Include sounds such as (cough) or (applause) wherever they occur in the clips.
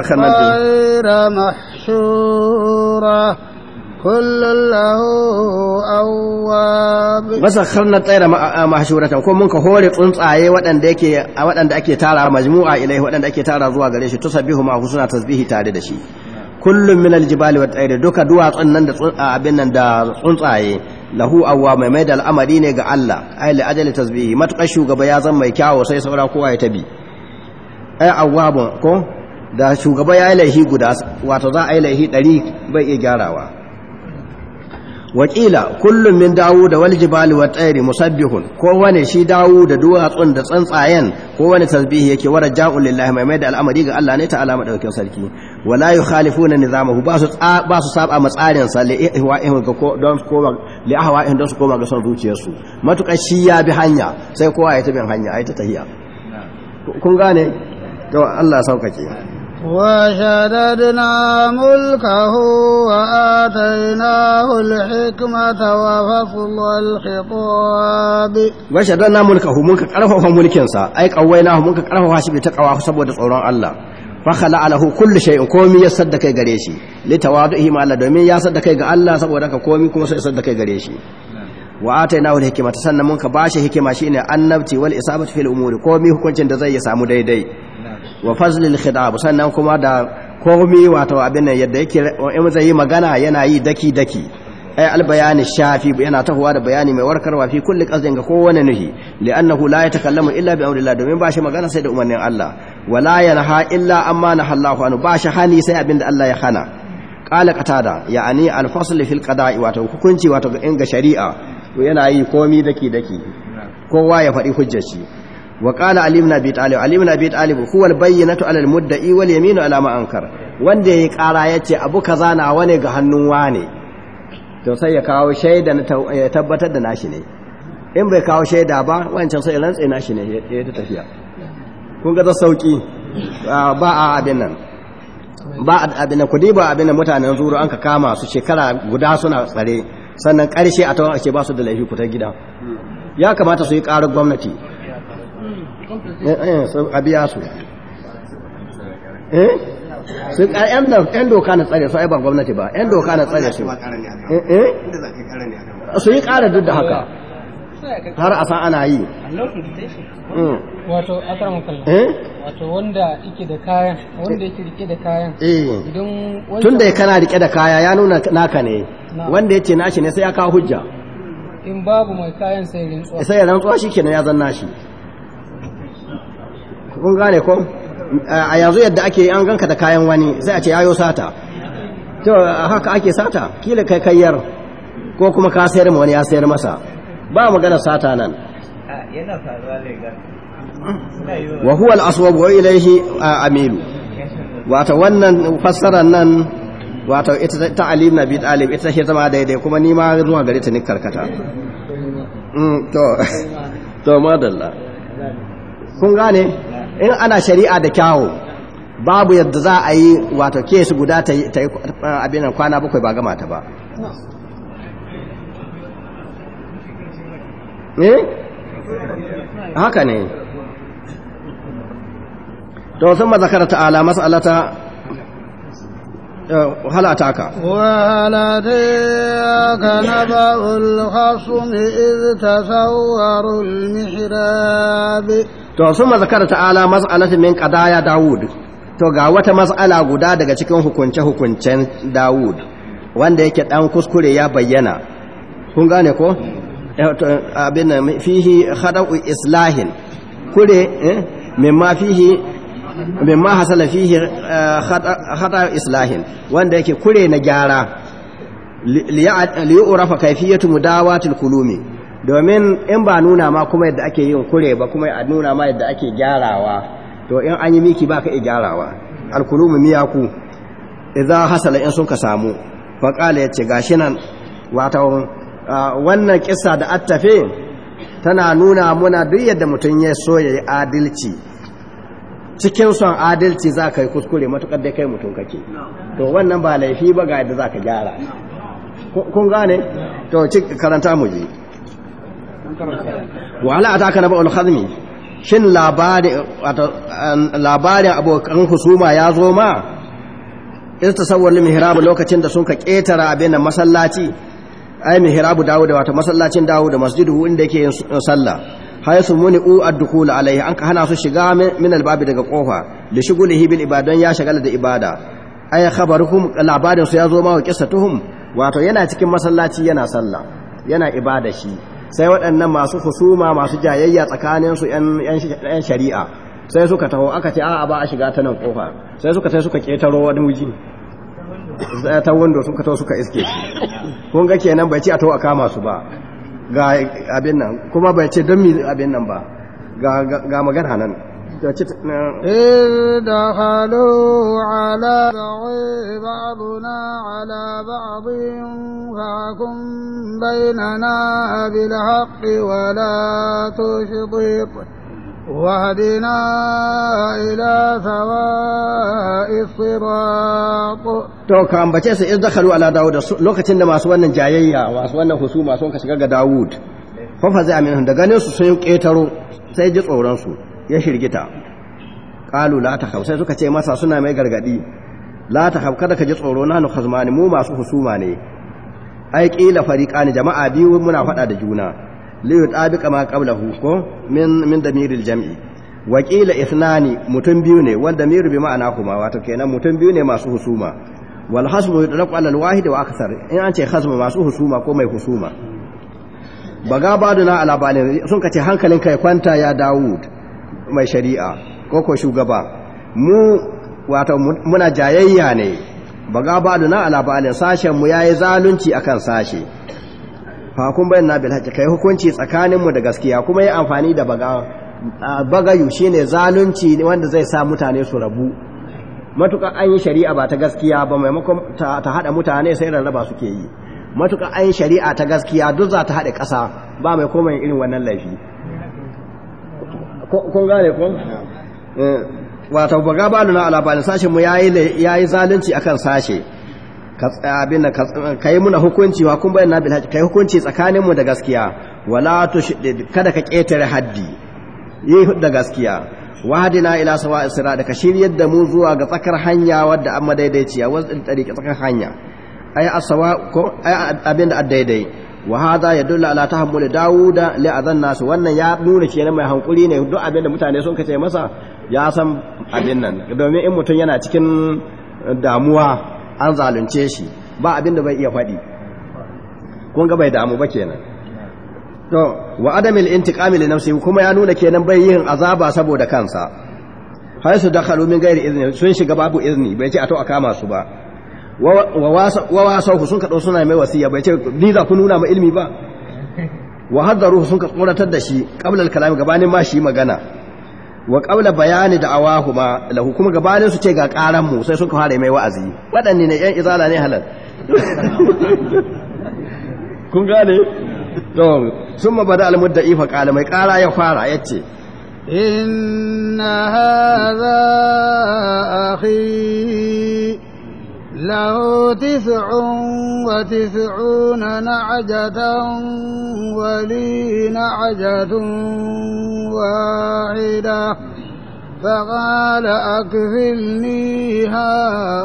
غير محشورة كل له أواب وسخرنا الطير محشورة كون منك هوري تنصاي ودن ديكي ودن ديكي تارا مجموعة إليه ودن ديكي تارا زوا غريش تسبيه مع حسنة تسبيه تاري دشي كل من الجبال والطير دوكا دوا تنن أبنن دا تنصاي lahu awwa mai mai da al'amari ne ga Allah ai la ajali tasbihi matakar سيسورا ya تبي أي أواب كون da shugaba ya yi laihi guda wato za a yi laihi ɗari bai iya gyarawa wakila kullum min dawo da wal jibali wa tsairi musabbihun kowane shi dawo da duwatsun da tsantsayen kowane tasbihi yake wara ja'un lillahi mai mai da al'amari ga Allah ne ta'ala madaukakin sarki wala yukhalifuna nizamahu ba su ba su saba matsarin sa li ihwa'ihim ga ko don su koma ga son zuciyarsu matukar shi ya bi hanya sai kowa ya tabi hanya ai ta tahiya وشددنا ملكه وآتيناه الحكمة وفصل الخطاب وشددنا ملكه ملكك أرفه ملكينسا أي قويناه ملكك أرفه هاشي بتقوى سبوة صوران الله fakhala alahu kullu shay'in komi ya sadda kai gare shi li tawaduhi ma Allah domin ya sadda kai ga Allah saboda ka komi kuma sai sadda kai gare shi wa atainahu al-hikmata sannan mun ka bashi hikima shine annabci wal isabatu fil umuri komi hukuncin da zai ya samu daidai wa fazlil khidab sannan kuma da komi wato abin nan yadda yake in zai yi magana yana yi daki daki ay albayani shafi yana tahuwa da bayani mai warkarwa fi kulli qasdin ga kowane nuhi li'annahu la yatakallamu illa bi amrillah domin ba shi magana sai da umarnin Allah wala yanha illa amma nahallahu anhu ba shi hani sai abin da Allah ya hana qala qatada ya'ani al-fasl fil qada'i wato hukunci wato ga inga shari'a yana yi komi daki daki kowa ya faɗi hujjar shi وقال علي بن ابي طالب علي بن ابي طالب هو البينه على المدعي واليمين على ما انكر wanda yayi kara yace abu kaza na wane ga hannun wane to sai ya kawo shaida na tabbatar da nashi ne in bai kawo shaida ba wancan sai rantsa nashi ne ya ta tafiya kun ga da sauki ba a abin nan ba a abin nan kudi ba abin nan mutanen zuru an ka kama su shekara guda suna tsare sannan karshe a tawon ake ba su da laifi kutar gida ya kamata su yi karar gwamnati Eh, eh, a biya su eh na tsare su gwamnati ba yan doka na tsare su eh, su yi ƙara duk haka har a san ana yi hmm. wato wanda yake da kayan wanda yake rike da kayan tun da kana rike da kaya ya nuna naka ne wanda ya ce nashi ne sai ya kawo hujja in babu mai kayan sai sai ya rantsuwa shi kenan ya zanna shi kun gane ko a yanzu yadda ake an ganka da kayan wani sai a ce ayo sata to haka ake sata kila kai kayyar ko kuma ka sayar ma wani ya sayar masa ba magana sata nan yana faruwa ne ga wa huwa al-aswab wa ilayhi amilu wato wannan fassarar nan wato ita ta Ali ibn Abi Talib ita ce zama daidai kuma ni ma zuwa gare ta ni karkata mm, to (laughs) to madalla kun gane in ana shari'a da kyawu babu yadda za a yi wato kes guda ta yi eh, abinan kwana bakwai ba gama ta ba eh haka ne to sun mazakar ta'ala mas'alata هل أتاك وهل أتاك نبأ الخصم إذ تسوروا المحراب to sun mazakara ta'ala mas'alatin min qadaya Dawud to ga wata mas'ala guda daga cikin hukunce hukuncen Dawud wanda yake dan kuskure ya bayyana kun gane ko eh, abin nan fihi khada'u islahin kure eh, mimma fihi mimma hasala fihi eh, khada'u islahin wanda yake kure na gyara liya'rafa kayfiyatu mudawatil kulumi domin in ba nuna ma kuma yadda ake yin kure ba kuma a nuna ma yadda ake gyarawa to in an yi miki ba ka yi gyarawa alkulumu miyaku idan hasala in sun ka samu faƙala ya ce gashi nan wata wannan kisa da attafe tana nuna muna duk yadda mutum ya so ya yi adalci cikin son adalci za ka yi kuskure matuƙar da kai mutum kake to wannan ba laifi ba ga yadda za ka gyara kun gane to karanta mu je a taka na ba alhazmi shin labarin abokan husuma ya zo ma istasawwar mihrab lokacin da sun ka ketara abin da masallaci ai dawo da wata masallacin dawud masjidu inda yake yin sallah haythu muni u addukula alaihi an ka hana su shiga min albabi daga kofa li shughulihi bil ibadan ya shagala da ibada ai khabaruhum labarin su ya zo ma wa qissatuhum wato yana cikin masallaci yana sallah yana ibada shi sai waɗannan masu husuma masu jayayya tsakaninsu 'yan shari'a sai suka taho aka ce a'a ba a shiga ta nan ƙofa sai suka tai suka ƙetaro wani wuji ta wando suka taho suka iske shi kun ga kenan bai ce a taho a kama su ba ga abin nan kuma bai ce don mi abin nan ba ga magana nan إذ دخلوا على بعضنا على بعض فاحكم بيننا بالحق ولا تشطط واهدنا إلى سواء الصراط to ka ambace su iz dakhalu ala dawud lokacin da masu wannan jayayya masu wannan husuma sun ka shiga ga dawud fa fa zai aminu da ganin su sun ketaro sai ji tsoron su ya shirgita qalu la ta sai suka ce masa suna mai gargadi la ta kada ka ji tsoro nanu khazmani mu masu husuma ne ai qila fariqani jama'a biyu muna fada da juna li yutabiqa ma qablahu ko min min damiril jam'i wa qila ithnani mutum biyu ne wanda miru bi ma'ana kuma wato kenan mutum biyu ne masu husuma wal hasmu yutlaqu ala al wahid wa akthar in an ce hasmu masu husuma ko mai husuma baga baduna ala balin sun kace hankalinka ya kwanta ya Dawud mai shari'a ko ko shugaba mu wato muna jayayya ne ba ga baduna ala ba'alin sashen mu yayi zalunci akan sashe fa kun na bil haji kai hukunci tsakanin mu da gaskiya kuma yi amfani da baga bagayu shine zalunci wanda zai sa mutane su rabu matuƙa an yi shari'a ba ta gaskiya ba maimakon ta haɗa mutane sai rarraba suke yi matuƙa an yi shari'a ta gaskiya duk za ta hada ƙasa ba mai komai irin wannan laifi kun gane ko eh, wato ba ga balu na alabani sashen mu yayi yayi zalunci akan sashe abin da kai muna hukunci wa kun bayyana bil haji kai hukunci tsakanin mu da gaskiya wala tushdid kada ka ketare haddi yi da gaskiya Wahadina ila sawa isra da ka shiryar da mu zuwa ga tsakar hanya wadda an madaidaiciya wadda tsakar hanya ay asawa ko ay abin da addaidai wa ya yadullu ala tahammuli dawuda li adhan nas wannan ya nuna shi mai hankuri ne duk abinda mutane sun kace masa ya san abin nan domin in mutum yana cikin damuwa an zalunce shi ba abinda bai iya faɗi kun ga bai damu ba kenan to wa adamil intiqami li kuma ya nuna kenan bai yin azaba saboda kansa haisu dakhalu min ghairi izni sun shiga babu izni bai ce a to a kama su ba wa wasahu sun kaɗo suna mai wasiya bai ce ni za ku nuna ma ilmi ba wa haddaru sun ka tsoratar da shi qabla kalami gabanin ma shi magana wa qabla bayani da'awahuma lahu kuma gabanin su ce ga ƙaranmu mu sai sun ka fara mai wa'azi waɗanne ne yan izala ne halal (laughs) kun gane to summa bada al-mudda'i fa qala mai kara ya fara yace inna hadha akhi له تسع وتسعون نعجة ولي نعجة واحدة فقال أكفلنيها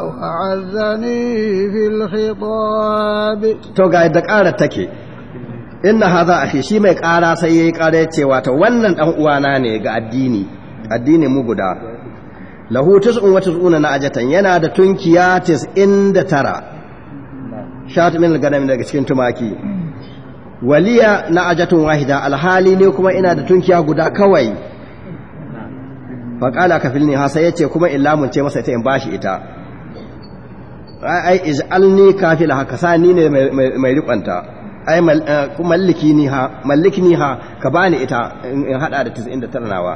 وعزني في الخطاب توقع يدك آلة تكي inna hadha akhi shi mai ƙara sai yayi ƙara ya ce wato wannan dan uwana ne ga addini addini mu guda lahu tis'un wa tis'una ajatan yana da tunkiya 99 shat min al min daga cikin tumaki waliya na'ajatun wahida alhali ne kuma ina da tunkiya guda kawai faƙala kafilni ha sai yace kuma in lamunce masa ita in bashi ita ai ij'alni kafila haka sani ne mai riƙonta ai eh, malliki ni ha malliki ni ha ka bani ita in hada da 99 nawa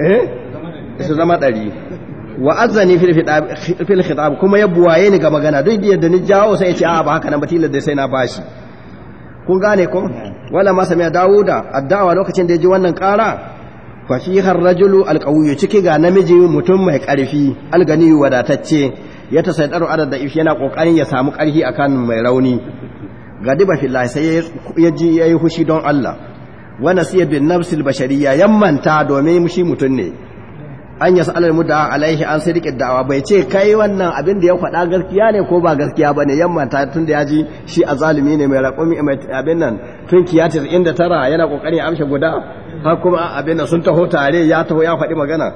eh su zama ɗari wa azzani fil khitab kuma ya buwaye ni ga magana duk yadda ni jawo sai ya ce a ba haka nan ba dai sai na bashi kun gane ko wala ma samiya dawuda addawa lokacin da ya ji wannan ƙara fa har rajulu alqawiyyu ciki ga namiji mutum mai ƙarfi algani wadatacce ya tasaddaru adad da ifi yana kokarin ya samu ƙarfi akan mai rauni gadiba fillahi sai ya ji yayi hushi don Allah wa nasiya bin nafsil bashariyya yammanta domin shi mutum ne an yasa alal mudda alaihi an sai rike da'awa bai ce kai wannan abin da ya faɗa gaskiya ne ko ba gaskiya bane yamma ta tun da ji shi azalimi ne mai raƙumi mai abin nan tun kiyatir inda tara yana kokari amshe guda har kuma abin nan sun taho tare ya taho ya faɗi magana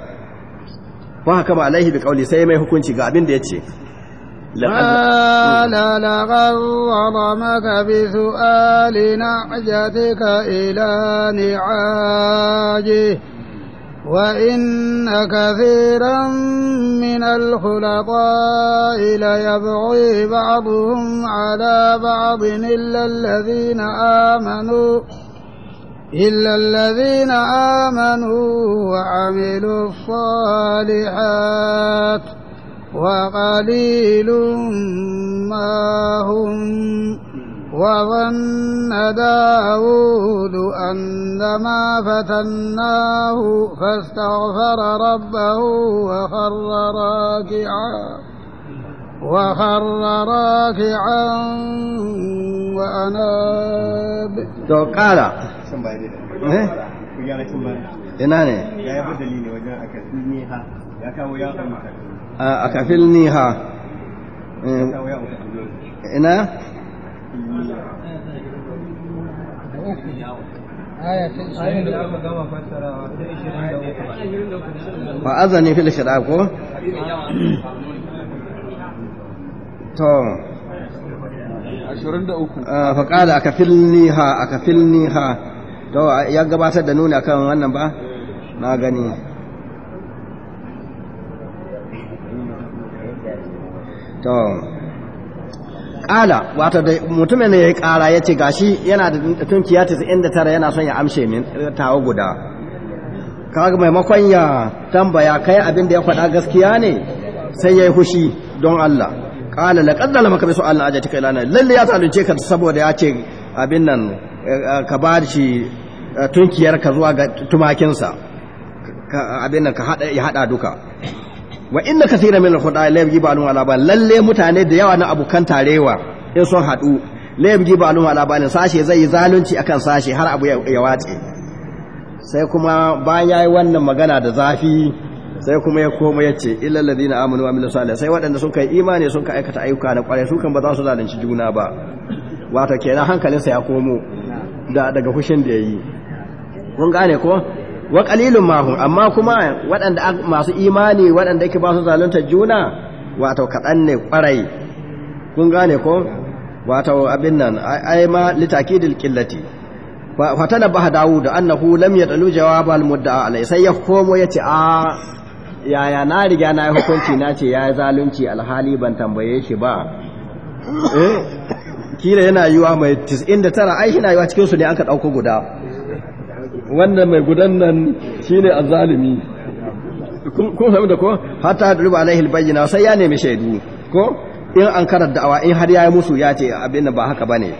ba haka ba alaihi bi kauli sai mai hukunci ga abin da ya ce قال لقد ظلمك بسؤال نعجتك إلى نعاجه وإن كثيرا من الخلطاء ليبغي بعضهم على بعض إلا الذين آمنوا إلا الذين آمنوا وعملوا الصالحات وقليل ما هم وظن داود أنما فتناه فاستغفر ربه وخر راكعا وخر راكعا وأناب تو قال ina ne a kafil niha ina ba azani fil shari'a ko to 23 ah, fa qala akafilni ha to ya gabatar da nuna kan wannan ba na gani to kala wato da mutumin ne ya yi kara ya ce gashi yana da tunkiya tara yana son ya amshe min eh, tawo guda kaga maimakon ya tambaya kai abin da ya faɗa gaskiya ne sai ya yi hushi don Allah kala la qaddala maka bi su'al ajatika ila nan lalle ya zalunce ka saboda ya ce abin nan eh, ka ba shi eh, tunkiyar ka zuwa ga tumakinsa abin nan ka hada ya hada duka wa inna kathira min al-khudai la yajibu alun ala ba lalle mutane da yawa na abukan tarewa in sun hadu la yajibu alun ala ba sashe zai yi zalunci akan sashe har abu ya wace sai kuma bayan yayi wannan magana da zafi sai kuma ya koma ya ce illal ladina amanu wa amilu salih sai waɗanda sun yi imani suka aikata ayyuka na kwarai su kan ba za su zalunci juna ba wato kenan hankalinsa ya komo da daga fushin da yayi kun gane ko wa qalilun mahum amma kuma waɗanda masu imani waɗanda yake ba su zalunta juna wato kaɗan ne ƙwarai kun gane ko wato abin nan ai ma litakidil qillati fa tanabaha daud annahu lam yatalu jawab al mudda'a alai sai ya komo yace a yaya na riga na yi hukunci na ce ya yi zalunci alhali ban tambaye shi ba eh kila yana yiwa mai 99 ai shi na yiwa cikin su ne ka dauko guda wannan mai gudan nan ne azalimi. kun sami da ko hatta hadruba alaihi bayyana sai ya nemi shaidu ko in an karar da'awa in har yayi musu ya ce abin ba haka bane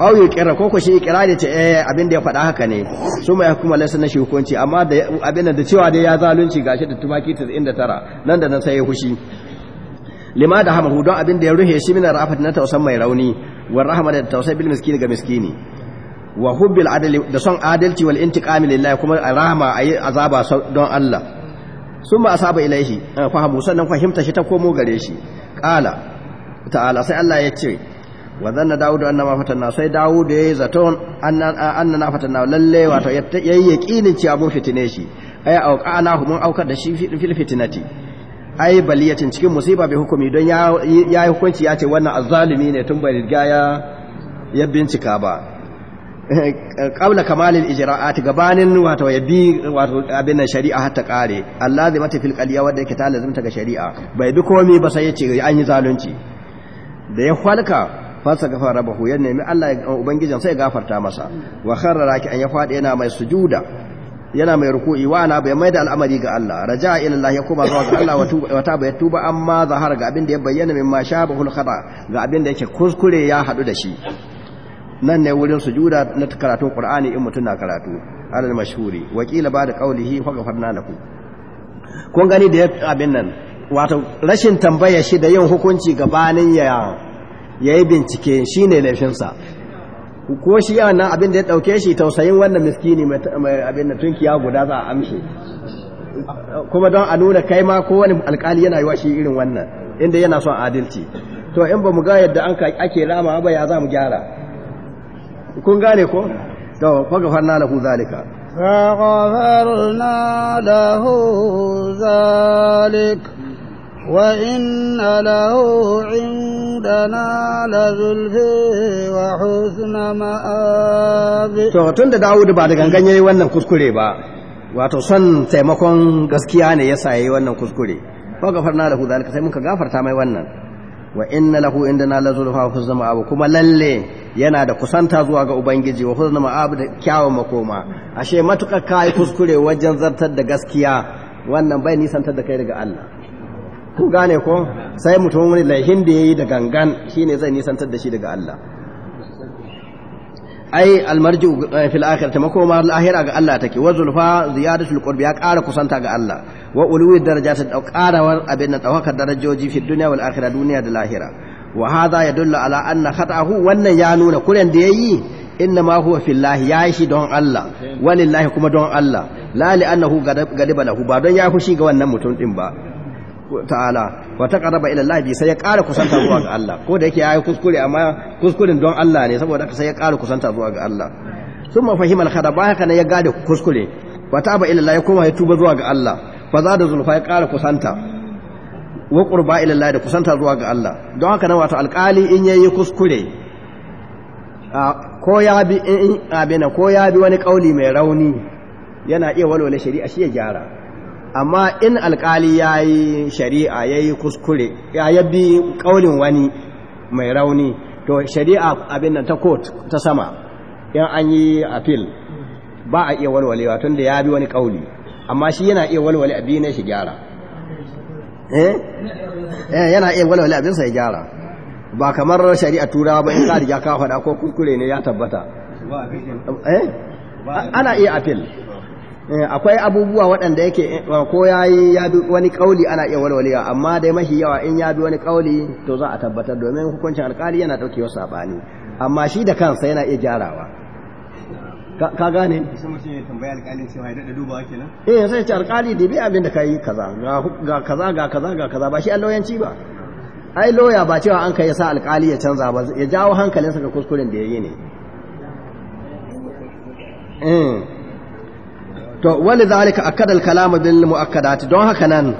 aw ya kira ko ko shi ikrari ce eh abin da ya faɗa haka ne su mai hukuma lai na shi hukunci amma da abin da cewa dai ya zalunci gashi da tumaki 99 nan da nan sai ya hushi lima da hamahu don abin da ya ruhe shi min rafat na tausan mai rauni wa rahama da tausai bil miskini ga miskini wa hubbil adali da son adalci wal intiqami lillahi kuma rahama ayi azaba don Allah summa asaba ilaihi ah, fahimu sannan fahimta shi ta komo gare shi qala ta'ala sai Allah ya ce wa zanna dawudu annama fatanna sai dawudu yayi zaton annana fatanna lalle wato yayi yaqinin ci abun fitine shi ay auqana hum aukar da shi fil fitnati ai baliyatin cikin musiba bai hukumi don ya yi hukunci ya ce wannan azzalimi ne tun bai riga ya bincika ba (laughs) qabla kamalin ijra'at gabanin wato ya bi wato abin nan shari'a har ta kare Allah zai mata fil qaliya wanda yake ta lazimta ga shari'a bai bi komai ba sai ya ce an yi zalunci da ya falka fasa gafa rabahu ya nemi Allah ubangijin sai gafarta masa wa kharrara ki an ya fadi yana mai sujuda yana mai ruku'i wa ana bai mai da al'amari ga Allah raja'a ila Allah ya koma zuwa ga Allah wa ta bai tuba amma Zahra ga abin da ya bayyana mimma shabahul khata ga abin da yake kuskure ya hadu da shi nan ne wurin sujuda na karatun qur'ani in mutun na karatu alal mashhuri wakila ba da qaulihi fa ghafarna lakum kun gani da abin nan wato rashin tambaya shi da yin hukunci gabanin ya yayi bincike shine laifin sa ko shi yana abin da ya dauke shi tausayin wannan miskini mai abin da tunkiya guda za a amshe kuma don a nuna kai ma ko wani alkali yana yi shi irin wannan inda yana son adalci to in ba mu ga yadda an ake rama ba ya za mu gyara kun gane ko to fa gafarna lahu zalika fa gafarna lahu zalik wa inna lahu indana zulfi wa husna ma'ab to tunda Dawud ba da gangan yayi wannan kuskure ba wato son taimakon gaskiya ne yasa yayi wannan kuskure fa gafarna lahu zalika sai ka gafarta mai wannan wa inna lahu indana la zulfa wa husna ma'ab kuma lalle yana da kusanta zuwa ga ubangiji wa huzna ma'ab da kyawun makoma ashe matukar kai kuskure wajen zartar da gaskiya wannan bai nisantar da kai daga Allah ku gane ko sai mutum wani laihin da yayi da gangan shine zai nisantar da shi daga Allah ai almarji eh, fil akhirati makoma al-akhirah ga Allah take wa zulfa ziyadatul qurbi ya ƙara kusanta ga Allah wa ulwi darajat da qarawar abin nan daukar darajoji fi dunya wal akhirah duniya da lahira wa hadha yadullu ala anna khata'ahu wannan ya nuna kuren da yayi inna ma huwa fillahi ya shi don Allah walillahi kuma don Allah la li annahu galiba lahu ba don ya fushi ga wannan mutum din ba ta'ala wa taqarraba ila Allah bi sai ya ƙara kusanta zuwa ga Allah ko da yake yayi kuskure amma kuskuren don Allah ne saboda sai ya ƙara kusanta zuwa ga Allah summa fahima al ba haka ne ya gade kuskure wa ta'aba ila Allah ya koma ya tuba zuwa ga Allah faza da zulfa ya ƙara kusanta wa ƙurba ila da kusanta zuwa ga Allah don haka nan wato alƙali in yayi kuskure ko ya bi in abena ko ya bi wani kauli mai rauni yana iya walwala shari'a shi ya gyara amma in alƙali yayi shari'a yayi kuskure ya bi kaulin wani mai rauni to shari'a abin nan ta court ta sama in an yi appeal ba a iya walwalewa tunda ya bi wani kauli amma shi yana iya walwale abin ne shi gyara eh? eh yana iya walwale abin sa ya gyara ba kamar shari'a turawa ba in ka riga ka faɗa ko kuskure ne ya tabbata eh ana iya appeal eh, akwai abubuwa waɗanda yake eh, ko ya yi ya bi wani ƙauli ana iya walwale amma dai mafi yawa in ya bi wani ƙauli to za a tabbatar domin hukuncin alƙali yana ɗaukewa saɓani amma shi da kansa yana iya gyarawa ka gane sai mutum ya tambayi alƙalin cewa ya dada dubawa kenan eh sai ce alƙali da bi abin da kai kaza ga kaza ga kaza ga kaza ba shi alloyanci ba ai loya ba cewa an kai ya sa alƙali ya canza ba ya jawo hankalinsa ga kuskuren da ya yi ne eh. to wani zalika a al-kalamu bin mu'akkadat don haka nan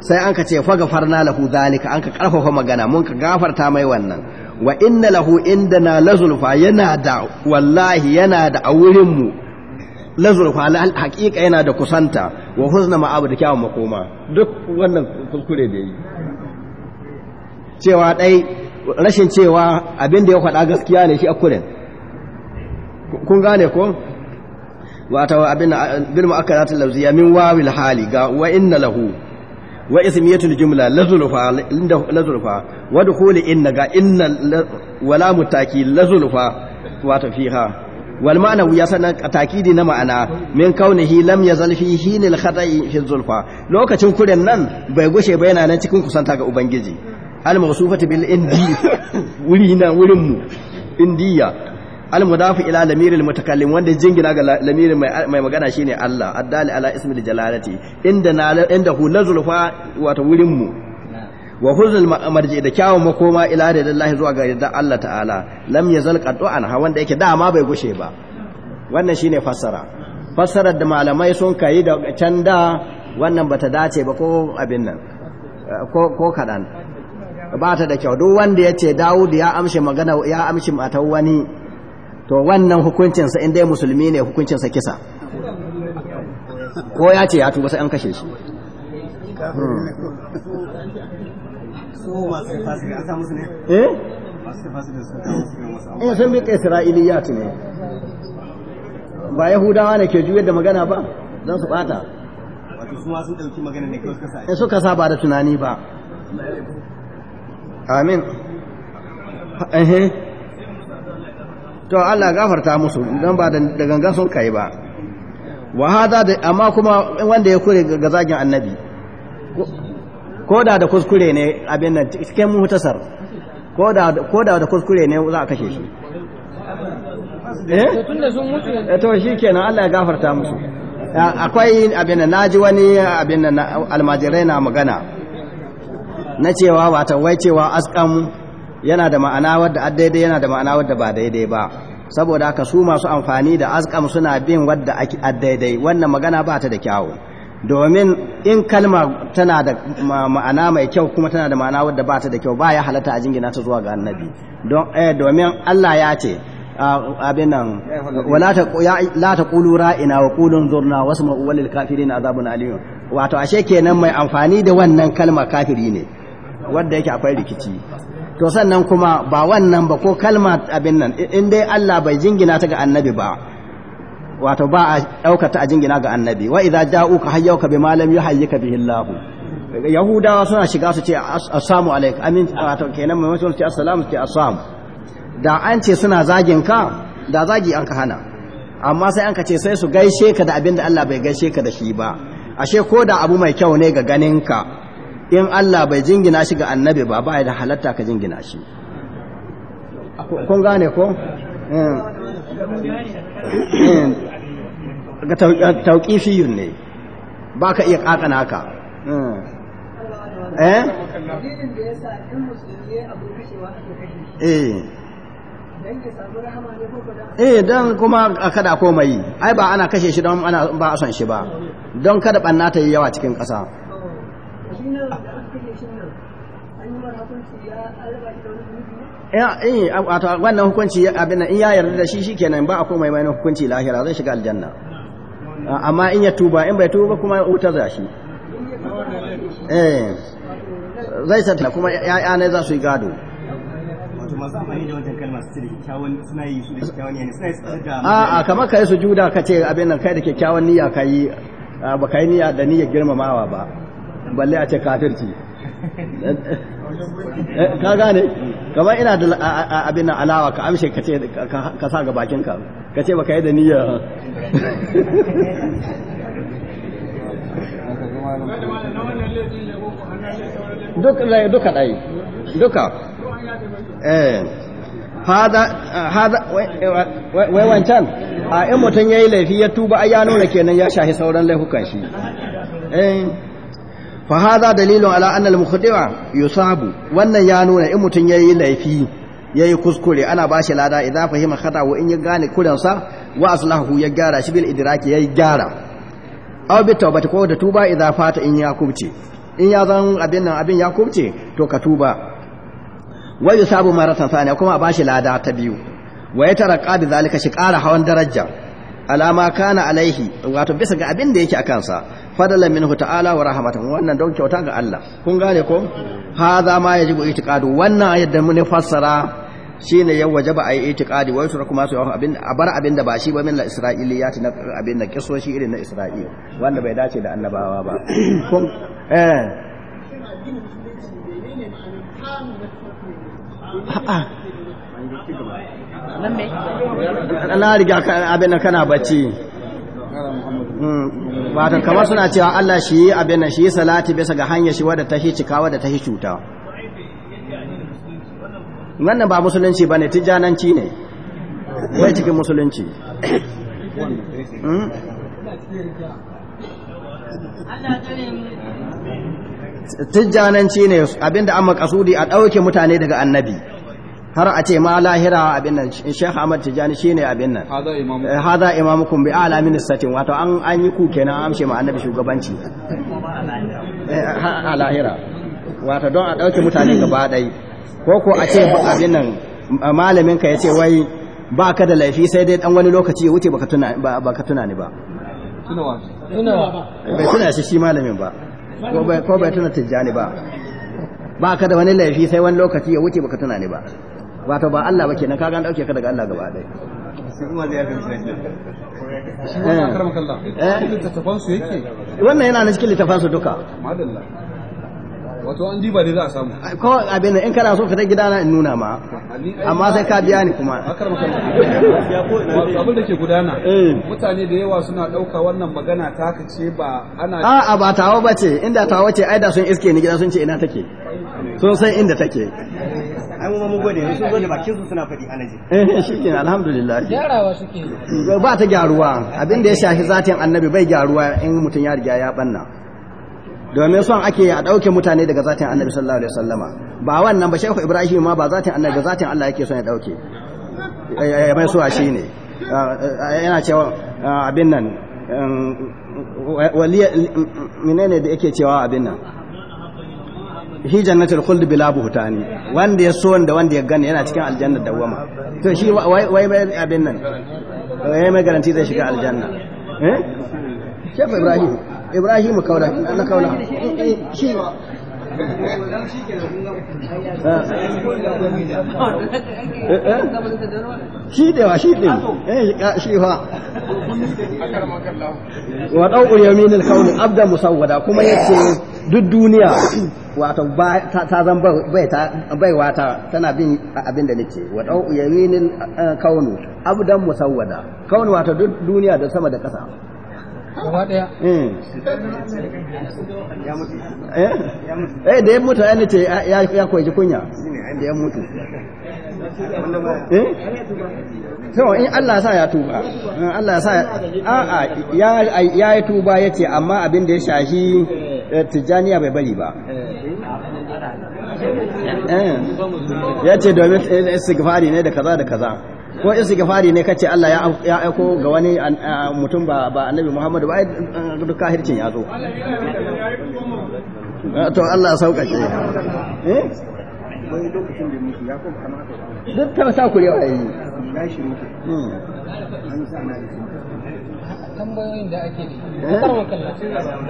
sai an ka ce fa gafarna lahu zalika an ka karfafa magana mun ka gafarta mai wannan wa inna lahu indana lazulfa yana da wallahi yana da a wurin mu lazulfa na hakika yana da kusanta wa huzna ma'abu da kyawun makoma duk wannan kuskure da yi cewa dai rashin cewa abin ya faɗa gaskiya ne shi akure kun gane ko wata abin bil mu'akkadatil lafziya min wawil hali ga wa inna lahu wa ismiyatul jumla lazulfa lazulfa wa dukhul inna ga inna wala mutaki lazulfa wato fiha wal ma'ana ya sanan takidi na ma'ana min kaunihi lam yazal fi hinil khata'i fi zulfa lokacin kuren nan bai gushe ba yana nan cikin kusanta ga ubangiji al mawsufati bil indi (laughs) wuri na wurin mu indiya al-mudafu ila lamiril mutakallim wanda jingina ga lamirin mai magana shine Allah addali ala ismil jalalati inda inda hu nazulfa wato wurin mu wa huzul marji da kyawun makoma ila da lillahi zuwa ga yarda Allah ta'ala lam yazal qat'an ha wanda yake dama bai gushe ba wannan shine fassara fassarar da malamai sun kai da can da wannan bata dace ba ko abin nan ko kadan ba ta da kyau duk wanda ya ce Dawud ya amshi magana ya amshi matan wani to wannan hukuncinsa in dai musulmi ne hukuncinsa kisa ko ya ce ya tuba sai an kashe shi eh eh sun bi isra'iliyat ne ba yahudawa ne ke juyar da magana ba don su bata wato su ma dauki magana ne kawai suka sa in eh, da tunani ba amin eh, eh. to Allah gafarta musu dan ba da gangan sun kai ba wa hada da amma kuma wanda ya kure ga zagin annabi ko da da kuskure ne abin nan cikin mutasar ko da ko da da kuskure ne za a kashe shi eh tunda sun mutu to shikenan Allah ya gafarta musu akwai abin nan naji wani abin nan almajirai na magana na cewa wata wai cewa askan yana da ma'ana wadda a daidai yana da ma'ana wadda ba daidai ba saboda haka su masu amfani da azkam suna bin wadda a daidai wannan magana ba ta da kyawu domin in kalma tana da ma'ana mai kyau kuma tana da ma'ana wadda ba ta da kyau ba ya halatta a jingina ta zuwa ga annabi eh, domin Allah ya ce abin nan la ta kulu ra'ina wa qulu zurna wasu walil kafirin azabun alim wato ashe kenan mai amfani da wannan kalma kafiri ne wanda yake akwai rikici to sannan kuma ba wannan ba ko kalma abin nan in dai Allah bai jingina ta ga annabi ba wato ba a ɗaukata a jingina ga annabi wa idza ja'uka hayyuka bi malam yuhayyika bihi Allah yahudawa suna shiga su ce assalamu alaikum amin wato kenan mai mutum ce assalamu ce assalamu da an ce suna zagin ka da zagi an ka hana amma sai an ka ce sai su gaishe ka da abin da Allah bai gaishe ka da shi ba ashe ko da abu mai kyau ne ga ganinka in Allah bai jingina shi ga annabi ba ba da halatta ka jingina shi kun gane ko ga tauƙifiyun ne ba ka iya ƙaƙana ka eh eh don eh, kuma a kada komai ai ba ana kashe shi don ba a son shi ba don kada ɓanna ta yi yawa cikin ƙasa eh wato wannan hukunci abin in ya yarda da shi shikenan ba a komai mai hukunci lahira zai shiga aljanna amma in ya tuba in bai tuba kuma wuta za shi eh zai sata kuma ya ne za su yi gado a'a kamar kai su sujuda ka ce abin nan kai da kyakkyawan niyya ka yi ba ka yi niyya da niyyar girmamawa ba balle a ce kafirci ka gane kamar ina da abin nan alawa ka amshe ka ce ka sa ga bakinka ka ce baka yi da niyya duka ɗai duka eh. wai wancan a in mutum ya yi laifi ya tuba ai ya nuna kenan ya shahi sauran laifukan shi eh. fa hadha dalilun ala anna al mukhdi'a yusabu wannan ya nuna in mutun yayi laifi yayi kuskure ana bashi lada idza fahima khata wa in ya gane sa wa aslahu ya gyara shi bil idraki yayi gyara aw bi tawbati ko da tuba idza fata in ya kubce in ya zan abin nan abin ya kubce to ka tuba wa yusabu maratan sana kuma bashi lada ta biyu wa yatarqa bi zalika shi ƙara hawan daraja alama kana alaihi wato bisa ga abin da yake akan sa fadala minhu ta'ala wa rahmatan wannan don kyauta ga Allah kun gane ko hadha ma yajibu itiqadu wannan yadda mun fassara shine ya wajaba ayi itiqadi wa yusra kuma su abin abar abin da ba shi ba min la isra'iliyati na abin da shi irin na isra'il wanda bai dace da annabawa ba (coughs) kun eh a'a na riga abin kana bacci hmm. wato kamar suna cewa Allah shi yi abin da shi yi salati bisa ga hanyar shi wadda ta cika wadda ta cuta wannan ba musulunci ba ne tijjananci ne wai cikin musulunci hmm. tijjananci ne abinda an makasudi a ɗauke mutane daga annabi har a ce ma lahira abin nan Sheikh Ahmad Tijani shine abin nan hada imamukum eh, bi ala min satin wato an an yi ku kenan amshe ma annabi shugabanci eh, a lahira wato don a dauke mutane gaba dai ko ko a ce abin nan malamin ka yace wai ba ka da laifi sai dai dan wani lokaci ya wuce baka tuna baka tuna ni ba bai tuna shi shi malamin ba ko bai tuna Tijani ba ba ka da wani laifi sai wani lokaci ya wuce baka tuna ni ba wato ba Allah ba kenan kaga an dauke ka daga Allah gaba ɗaya eh. Eh. wannan yana na cikin littafansu duka wato an diba dai za a samu ko abin in kana so fita gidana in nuna ma amma sai ka biya ni kuma abin da ke gudana eh. mutane da yawa suna ɗauka wannan magana ta ka ce ba ana a'a ba tawa ba ce inda tawo ce ai da sun iske ni gida sun ce ina take sun san inda take ai mu mun gode sun zo da bakin su suna faɗi alaji eh shikenan alhamdulillah gyarawa suke ba ta gyaruwa abin da ya shafi zatin annabi bai gyaruwa in mutum ya riga ya banna domin son ake a ɗauke mutane daga zatin annabi sallallahu alaihi wasallama ba wannan ba shekhu ibrahim ma ba zatin annabi zatin Allah yake son ya ɗauke ya eh, eh, mai suwa ne ah, eh, yana cewa ah, abin nan um, waliya menene da yake cewa abin nan hi jannatul khuld bila buhtani wanda ya so wanda wanda ya gane yana cikin aljanna dawama to shi wai mai abin nan wai mai garanti zai shiga aljanna eh shekhu ibrahim ibrahim kaula Allah kaula shi shi wa shi din eh, shi fa wa dau yaminil kauni abda musawwada kuma yace duk duniya wato ta zan bai wata tana bin abin da nake wa dau yaminil eh, kauni abda musawwada kauni wato duk duniya da sama da kasa gaba hmm. eh? eh da ya mutu ya nace ya koyi kunya da ya mutu so eh? in Allah sa ya tuba in Allah sa a a ya ya tuba yace amma abin da ya shahi eh, tijaniya bai bari ba ya ce domin sigfari ne da kaza da kaza ko in su gafari ne kace Allah ya ya aiko ga wani mutum ba ba annabi Muhammadu ba duk kahircin ya zo eh, to Allah ya sauƙaƙe eh duk ta sa ku yawa yi tambayoyin da ake yi karwan kallon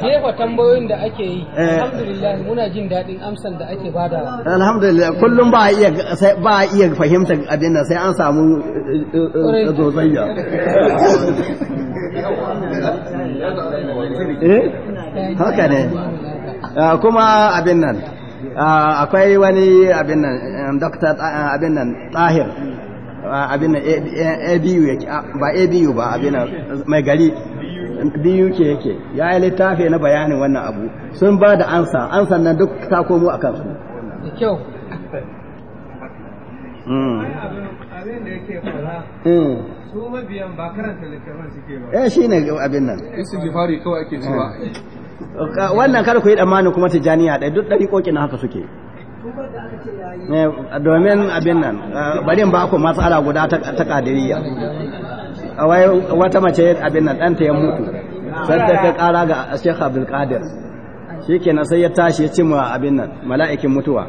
jefa tambayoyin da ake yi eh. alhamdulillah muna jin daɗin amsan da ake bada alhamdulillah kullum ba iya ba iya fahimtar abin sai an samu eh, eh, zozayya (laughs) haka ne ah, kuma abin nan ah, akwai wani abin nan dr ah, abin nan tahir abin abu yake ba abu ba abin mai gari biyu ke yake ya yi littafi na bayanin wannan abu sun ba da ansa ansan nan duk ta komo a kansu da kyau hmm. abin da yake fara hmm. su mabiyan ba karanta littafin suke ba eh shine abin nan istighfari kawai ake cewa wannan kada ku yi tsammanin kuma tijaniya ɗaya duk ɗari na haka suke Eh, domin abin nan eh, bari ba ku matsala guda ta kadiriya wata mace abin nan ɗanta ya mutu sai ka kai ƙara ga Sheikh Abdul shi shikenan sai ya tashi ya cimma abin nan mala'ikin mutuwa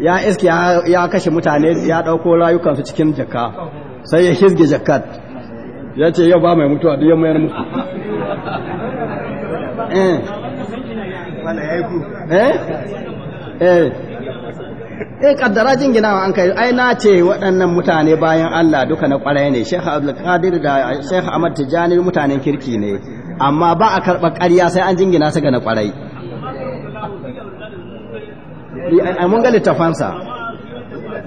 ya iske ya kashe mutane ya ɗauko rayukansu cikin jaka sai ya hizge jakat ya ce yau ba mai mutuwa duk ya mayar mutu eh. eh eh e kaddara wa an kai ai na ce waɗannan mutane bayan Allah duka na ƙwarai ne Sheikh Abdul Qadir da Sheikh Ahmad Tijani mutanen kirki ne amma ba a karɓa ƙarya sai an jingina su ga na ƙwarai ai mun ga littafansa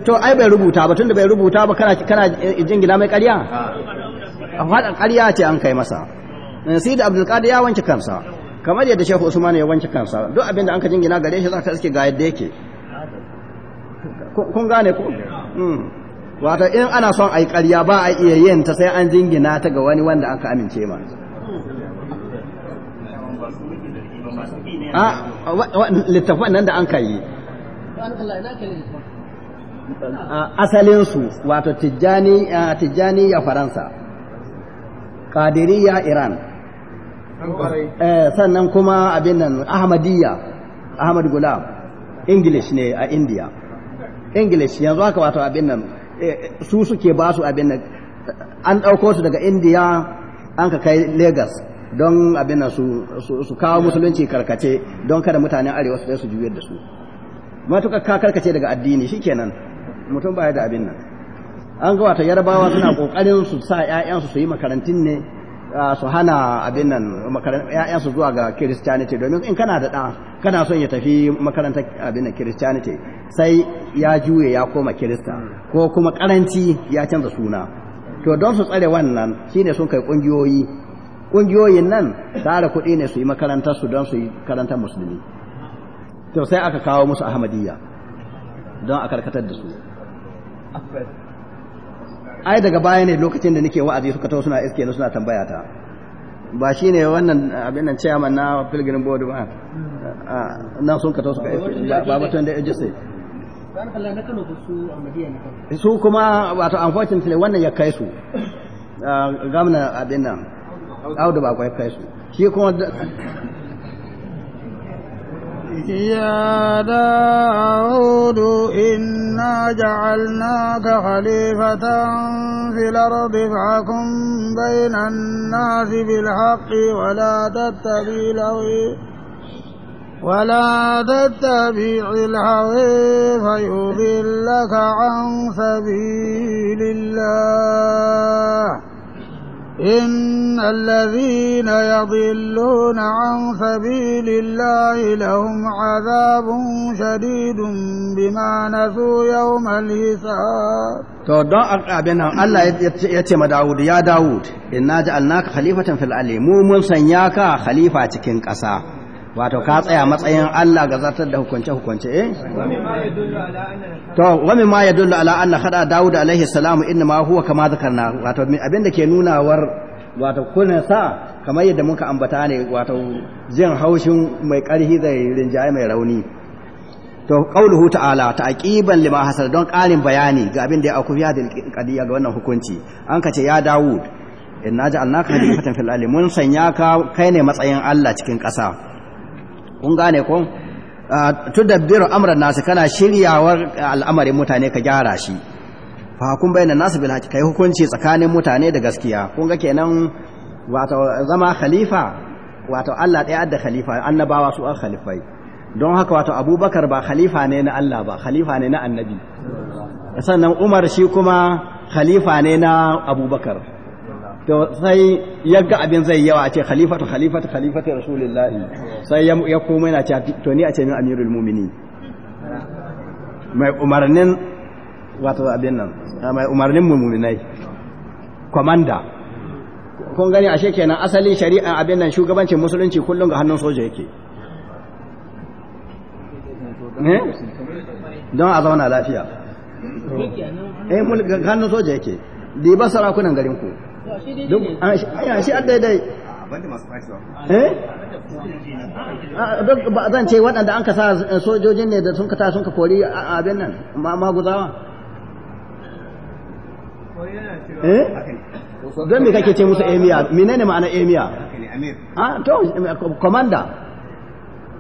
to ai bai rubuta ba tunda bai rubuta ba kana kana jingina mai ƙarya amma ƙarya ce an kai masa eh, sai da Abdul Qadir ya wanke kansa kamar yadda Sheikh Usman ya wanke kansa duk abin da an ka jingina gare shi za ka iske ga yadda yake kun gane ku? Hmm. wato in ana son a yi ƙarya ba a iya yin ta sai an jingina ta ga wani wanda aka amince ma ah, littafan nan da an ka yi ah, asalinsu wato tijjani ah, ya faransa kadiriya iran eh, sannan kuma abin nan ahmadiyya ahmad gulam english ne a india english yanzu haka wato abin nan eh, su suke ba su abin nan an ɗauko su daga india an ka kai lagos don abin nan su kawo musulunci karkace don kada mutanen arewa su su juyar da su matuƙa ka karkace daga addini shikenan mutum baya da abin nan an ga wata yarbawa suna ƙoƙarin su sa 'ya'yansu su yi makarantun ne su hana abin nan makarantar su zuwa ga Christianity domin in kana da ɗa kana son ya tafi makarantar abin nan Christianity sai ya juye ya koma Kirista ko kuma karanci ya canza suna to don su tsare wannan shine sun kai kungiyoyi kungiyoyin nan tare kuɗi ne su yi makarantar su don su yi karantar musulmi to sai aka kawo musu Ahmadiyya don a karkatar da su ai daga baya ne lokacin da nake wa'azi suka taho suna iske suna tambaya ta ba shi ne wannan abin nan chairman na pilgrim board ba na sun ka taho suka iske ba batun da ejise su kuma wato unfortunately wannan ya kai su gamna abin nan audu ba kai su shi kuma يا داود إنا جعلناك خليفة في الأرض فحكم بين الناس بالحق ولا تتبع ولا تتبع الهوى فيضلك عن سبيل الله إن الذين يضلون عن سبيل الله لهم عذاب شديد بما نسوا يوم الحساب to don abin nan Allah ya ce ma Dawud ya Dawud inna ja'alnaka khalifatan fil ardi mu mun sanya ka khalifa cikin ƙasa wato ka tsaya matsayin Allah ga zartar da hukunce hukunce eh to wa min ma yadullu ala anna hada Dawud alaihi salam inna ma huwa kama zakarna wato abinda ke nunawar wato kullun sa kamar yadda muka ambata ne wato jin haushin mai karhi da rinjaye mai rauni to qauluhu ta'ala ta'qiban lima hasal don ƙarin bayani ga abin da ya aku ya dil qadiya ga wannan hukunci an kace ya dawud inna ja'alnaka khalifatan fil alamin mun sanya ka kai ne matsayin Allah cikin ƙasa kun gane ko ah, tudabbiru amran nasu kana shiryawar al'amarin mutane ka gyara shi fa kun bayyana nasu bil haqqi kai hukunci tsakanin mutane da gaskiya kun ga kenan wato zama khalifa wato Allah ɗaya da khalifa annabawa su an khalifai don haka wata Abubakar ba khalifa ne na Allah ba khalifa ne na annabi sannan Umar shi kuma khalifa ne na Abubakar to sai ya ga abin zai yawa a ce khalifatu khalifatu khalifatu rasulillahi sai ya koma yana cewa to ni a ce min amirul mumini mai umarnin wato abin nan mai umarnin muminai commander kun gani ashe kenan asali shari'a abin nan shugabancin musulunci kullum ga hannun soja yake eh? don a zauna lafiya eh mulkin hannun soja yake diba sarakunan ku. duk aya shi an daidai eh duk ba zan ce waɗanda an ka sa eh, sojojin ne da sun ka ta sun ka kori abin nan ma guzawa eh don me kake ce musu emiya ne ma'ana emiya ah to commander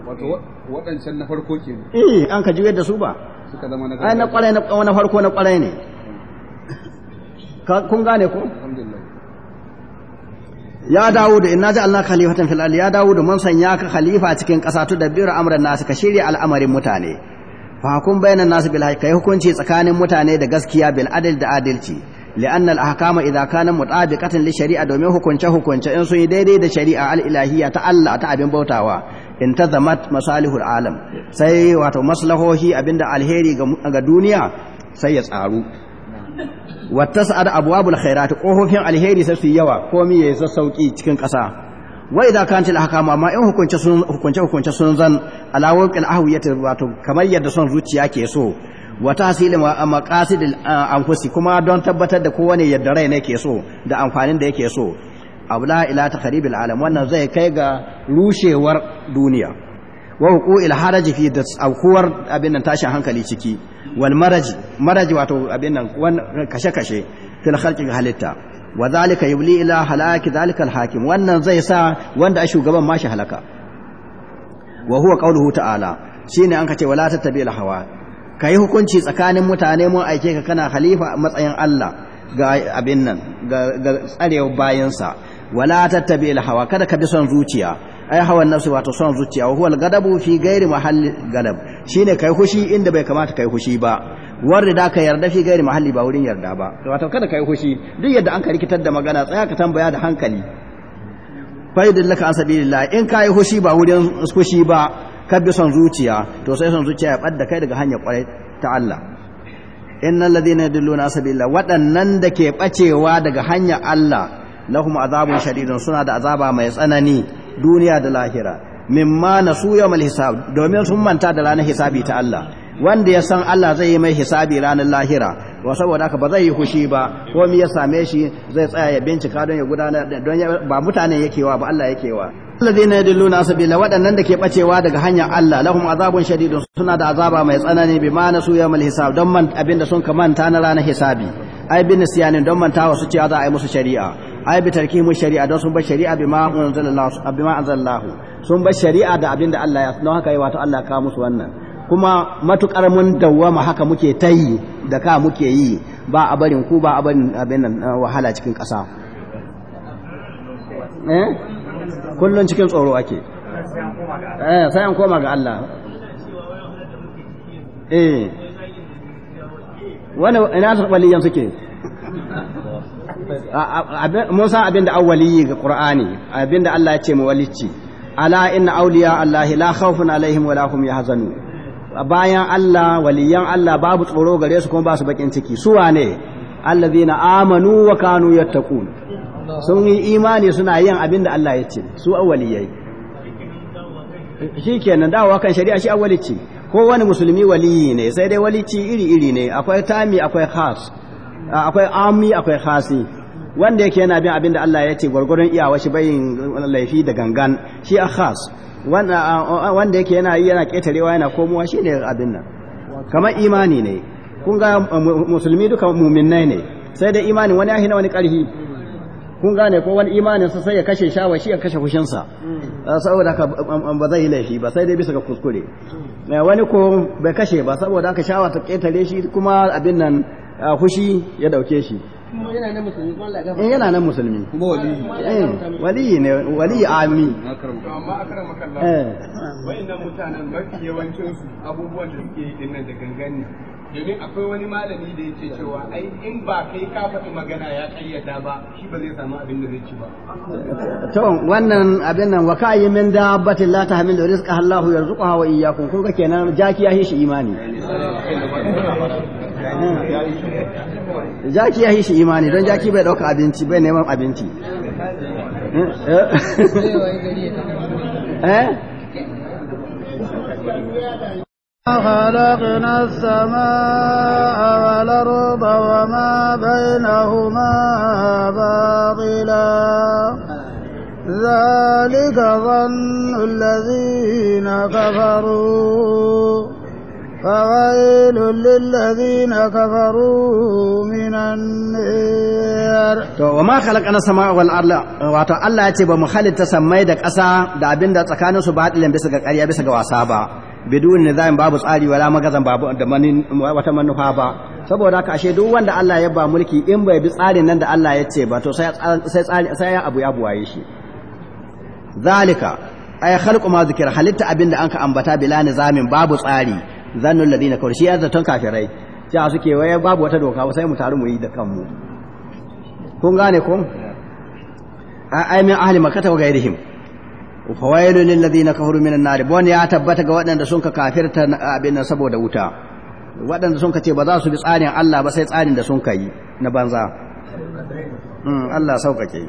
wato waɗancan na farko ke eh an ka juyar da su ba suka zama na ai na kwarai na farko na kwarai ne kun gane ko alhamdulillah ya dawo da inna ja'alna khalifatan fil ardi ya dawo da mun sanya ka khalifa cikin ƙasa tu dabbiru amran nasu ka shirya al'amarin mutane fa hukum bainan nasu bil haqqi hukunci tsakanin mutane da gaskiya bil adl da adalci li'anna al ahkama idza kana mutabiqatan li shari'a domin hukunce hukunce in sun yi daidai da shari'a al ilahiyya ta Allah ta abin bautawa in tazamat masalihul alam sai wato maslahohi abinda alheri ga duniya sai ya tsaru wa tas'ad abwabul khairat kofofin alheri sai su yawa komai yayi sassauki cikin ƙasa wa idza kanat al ahkamu amma in hukunce sun hukunce hukunce sun zan alawul al ahwiyati wato kamar yadda son zuciya ke so wa amma maqasid anfusi kuma don tabbatar da kowane yadda rai ne ke so da amfanin da yake so abla ila ta alam wannan zai kai ga rushewar duniya wa huqu'il haraji fi da aukuwar abin nan tashin hankali ciki wal maraji maraji wato abin nan kashe kashe fil khalqi halitta wa zalika yubli ila halaki zalika al hakim wannan zai sa wanda a shugaban mashi shi halaka wa huwa qauluhu ta'ala shine an kace wala tattabi al hawa kai hukunci tsakanin mutane mun aike ka kana khalifa matsayin Allah ga abin nan ga tsarewa bayansa wala tattabi al hawa kada ka bi son zuciya ai hawan nafsi wato son zuciya wa huwa gadabu fi ghairi mahalli gadab shine kai hushi inda bai kamata kai hushi ba da ka yarda fi ghairi mahalli ba wurin yarda ba wato kada kai hushi duk yadda an ka rikitar da magana tsaya ka tambaya da hankali faidin laka an in kai hushi ba wurin hushi ba ka bi son zuciya to sai son zuciya ya badda kai daga hanyar kwarai ta Allah innal ladina yadulluna sabilillah waɗannan da ke bacewa daga hanyar Allah lahum azabun shadidun suna da azaba mai tsanani duniya da lahira mimma nasu yawmal hisab domin sun manta da ranar hisabi ta Allah wanda ya san Allah zai yi mai hisabi ranar lahira wa saboda haka ba zai yi hushi ba ko mi ya same shi zai tsaya ya bincika don ya gudana don ba mutane yake wa ba Allah yake wa alladhina yadulluna sabila waɗannan da ke bacewa daga hanyar Allah lahum azabun shadidun suna da azaba mai tsanani bima nasu yawmal hisab don man abinda sun kamanta na ranar hisabi ai bin siyanin don manta wasu ce za a yi musu shari'a ai bi tarkimu shari'a don sun bar shari'a bima anzalallahu bima anzalallahu sun bar shari'a da abin da Allah ya don haka yi wato Allah ka musu wannan kuma matukar mun dawwama haka muke ta yi da ka muke yi ba a barin ku ba a barin abin nan eh, wahala cikin ƙasa eh kullun cikin tsoro ake eh sai an koma ga Allah eh wani ina su suke Musa abinda awwali ga Qur'ani abinda Allah ya ce mu walici ala inna awliya Allah la khawfun alaihim wa lahum yahzanun bayan Allah waliyan Allah babu tsoro gare su kuma ba su bakin ciki su wane allazina amanu wa kanu yattaqun sun yi imani suna yin abinda Allah ya ce su awwaliyai shikenan dawowa kan shari'a shi awwalici ko wani musulmi waliyi ne sai dai walici iri iri ne akwai tami akwai khas akwai ami akwai khasi wanda yake yana bin abin da Allah ya ce gwargwaron iyawa shi bayin laifi da gangan shi a khas wanda yake yana yi yana ketarewa yana komowa shi ne abin nan kamar imani ne kun ga musulmi duka muminai ne sai dai imani wani ahi na wani karhi kun gane ko wani imanin sa sai ya kashe shawa shi ya kashe kushinsa mm. saboda haka ba zai yi laifi ba sai dai bisa ga kuskure eh, wani ko bai kashe ba saboda haka shawa ta ketare shi kuma abin nan a fushi ya dauke shi in yana nan musulmi kuma eh, eh, waliyi ne waliyi ami amma akaran makalla eh. wayannan mutanen mafi yawancin abubuwan da suke yi dinnan da gangan ne domin akwai wani malami da yake cewa ai in ba kai ka faɗi magana ya ƙayyada ba shi ba zai samu abin da zai ci ba to wannan abin nan wa kayi min dabbatin la tahmilu rizqa Allahu yarzuquha wa iyyakum kun ga kenan jaki ya shi imani jaki ya shi imani don jaki bai dauka abinci bai neman abinci eh, (laughs) eh? خلقنا السماء والأرض وما بينهما باطلا ذلك ظن الذين كفروا فويل للذين كفروا من النار to wama khalaqana samaa wal arda wato Allah ya ce ba mu halitta sammai da ƙasa da abinda tsakaninsu ba hadilin bisa ga wasa ba bidun zai babu tsari wala magazan babu da wata manufa ba saboda haka ashe duk wanda Allah ya ba mulki in bai bi tsarin nan da Allah ya ce ba to sai sai sai ya abu ya buwaye shi zalika ay khalqu ma zikira halitta abinda anka ambata bila nizamin babu tsari zannul ladina kawai shi ya zaton kafirai a suke waye babu wata doka sai mu taru mu yi da kanmu kun gane kun ai min ahli makkata wa gairihim fawailu lil ladina kafaru minan nar bon ya tabbata ga waɗanda sun ka kafirta abin nan saboda wuta waɗanda sun ka ce ba za su bi tsarin Allah ba sai tsarin da sun ka yi na banza hmm, Allah saukake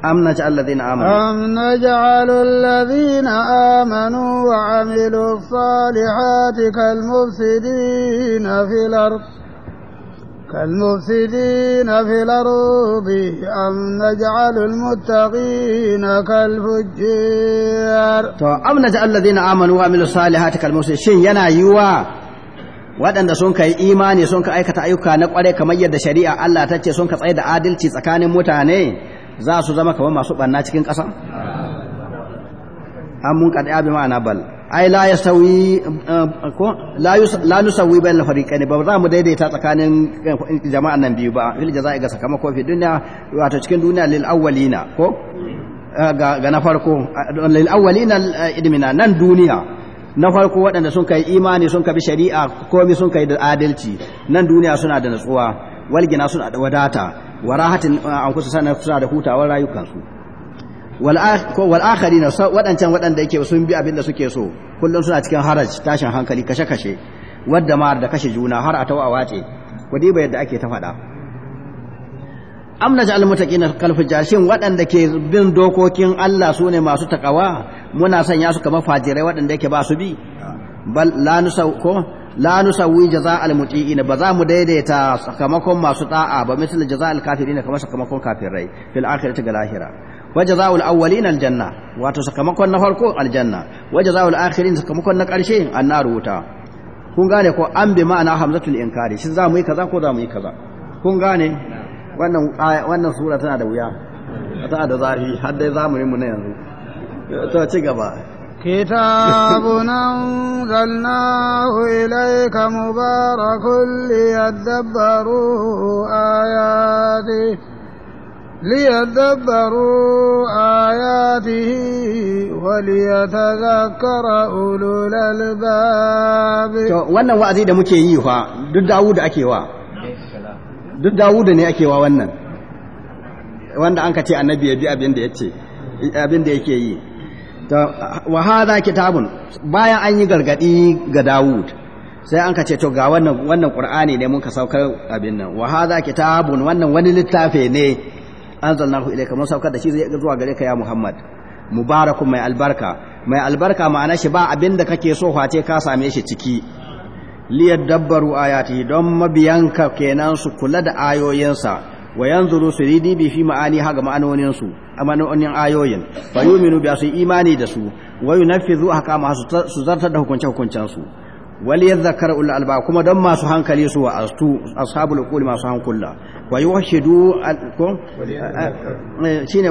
أم نجعل الذين آمنوا أم نجعل الذين آمنوا وعملوا الصالحات كالمفسدين في الأرض كالمفسدين في الأرض أم نجعل المتقين كالفجار أم نجعل الذين آمنوا وعملوا الصالحات كالمفسدين ينا يوا waɗanda sun kai imani sun ka aikata ayyuka na ƙwarai kamar yadda shari'a Allah ta ce sun ka tsaye da adalci tsakanin mutane za su zama kamar masu ɓanna cikin ƙasa? An mun kaɗa bi ma'ana bal. ai la ya sauyi eh, eh, ko la nusawi bayan lafariƙai ba za mu daidaita tsakanin eh, jama'an nan biyu ba fil jaza'i ga sakamako fi duniya wato cikin duniya lil awwalina ko ga na farko lil awwalina idmina nan duniya na farko waɗanda sun kai imani sun kai shari'a komai sun kai da adalci nan duniya suna da natsuwa walgina suna da wadata warahatin an kusa sana kusa da hutawar rayukansu wal'akari na waɗancan waɗanda yake sun bi abin da suke so kullum suna cikin haraj tashin hankali kashe-kashe wadda ma da kashe juna har a tawa a wace kudi bai yadda ake ta faɗa amna ja'al muttaqina kal fujashin waɗanda ke bin dokokin Allah su ne masu taƙawa muna sanya su kamar fajirai waɗanda yake ba su bi bal la nusaw ko la ba za mu daidaita sakamakon masu ta'a ba misal jaza'al kafirin kamar sakamakon kafirai fil akhirati ga lahira وجزاء الأولين الجنة وتسكمكن نفرق الجنة وجزاء الآخرين سكمكن نقرشي النار وتا kun gane ko an bi ma'ana hamzatul inkari shi za mu yi kaza ko za mu yi kaza kun gane wannan sura tana da wuya ta da zafi har dai zamuni mu na yanzu to ci gaba أنزلناه إليك مبارك ليدبروا آياته ليدبروا آياته وليتذكر أولو الألباب wannan wa'azi da muke yi fa duk Dawud ake wa duk ني ne ake wa wannan wanda an ka ce annabi ya bi abin da yace abin yi to wa hadha bayan an yi ga Dawud sai an ka to ga wannan wannan Qur'ani ne mun ka saukar abin nan wa hadha kitabun wannan wani littafi ne anzalnahu ilayka mun saukar da shi zai zuwa gare ka ya Muhammad mubarakun mai albarka mai albarka ma'ana shi ba abin da kake so face ka same shi ciki liyar dabbaru ayati don mabiyanka kenan su kula da ayoyinsa wa yanzuru su bi fi ma'ani ha ga ma'anonin su ma'anonin ayoyin fa yuminu bi su imani da su wa yunaffizu ahkama su zartar da hukunce hukuncen su wal yadhakkaru al alba kuma don masu hankali su wa astu ashabul qul masu hankula ويوحدوا شيني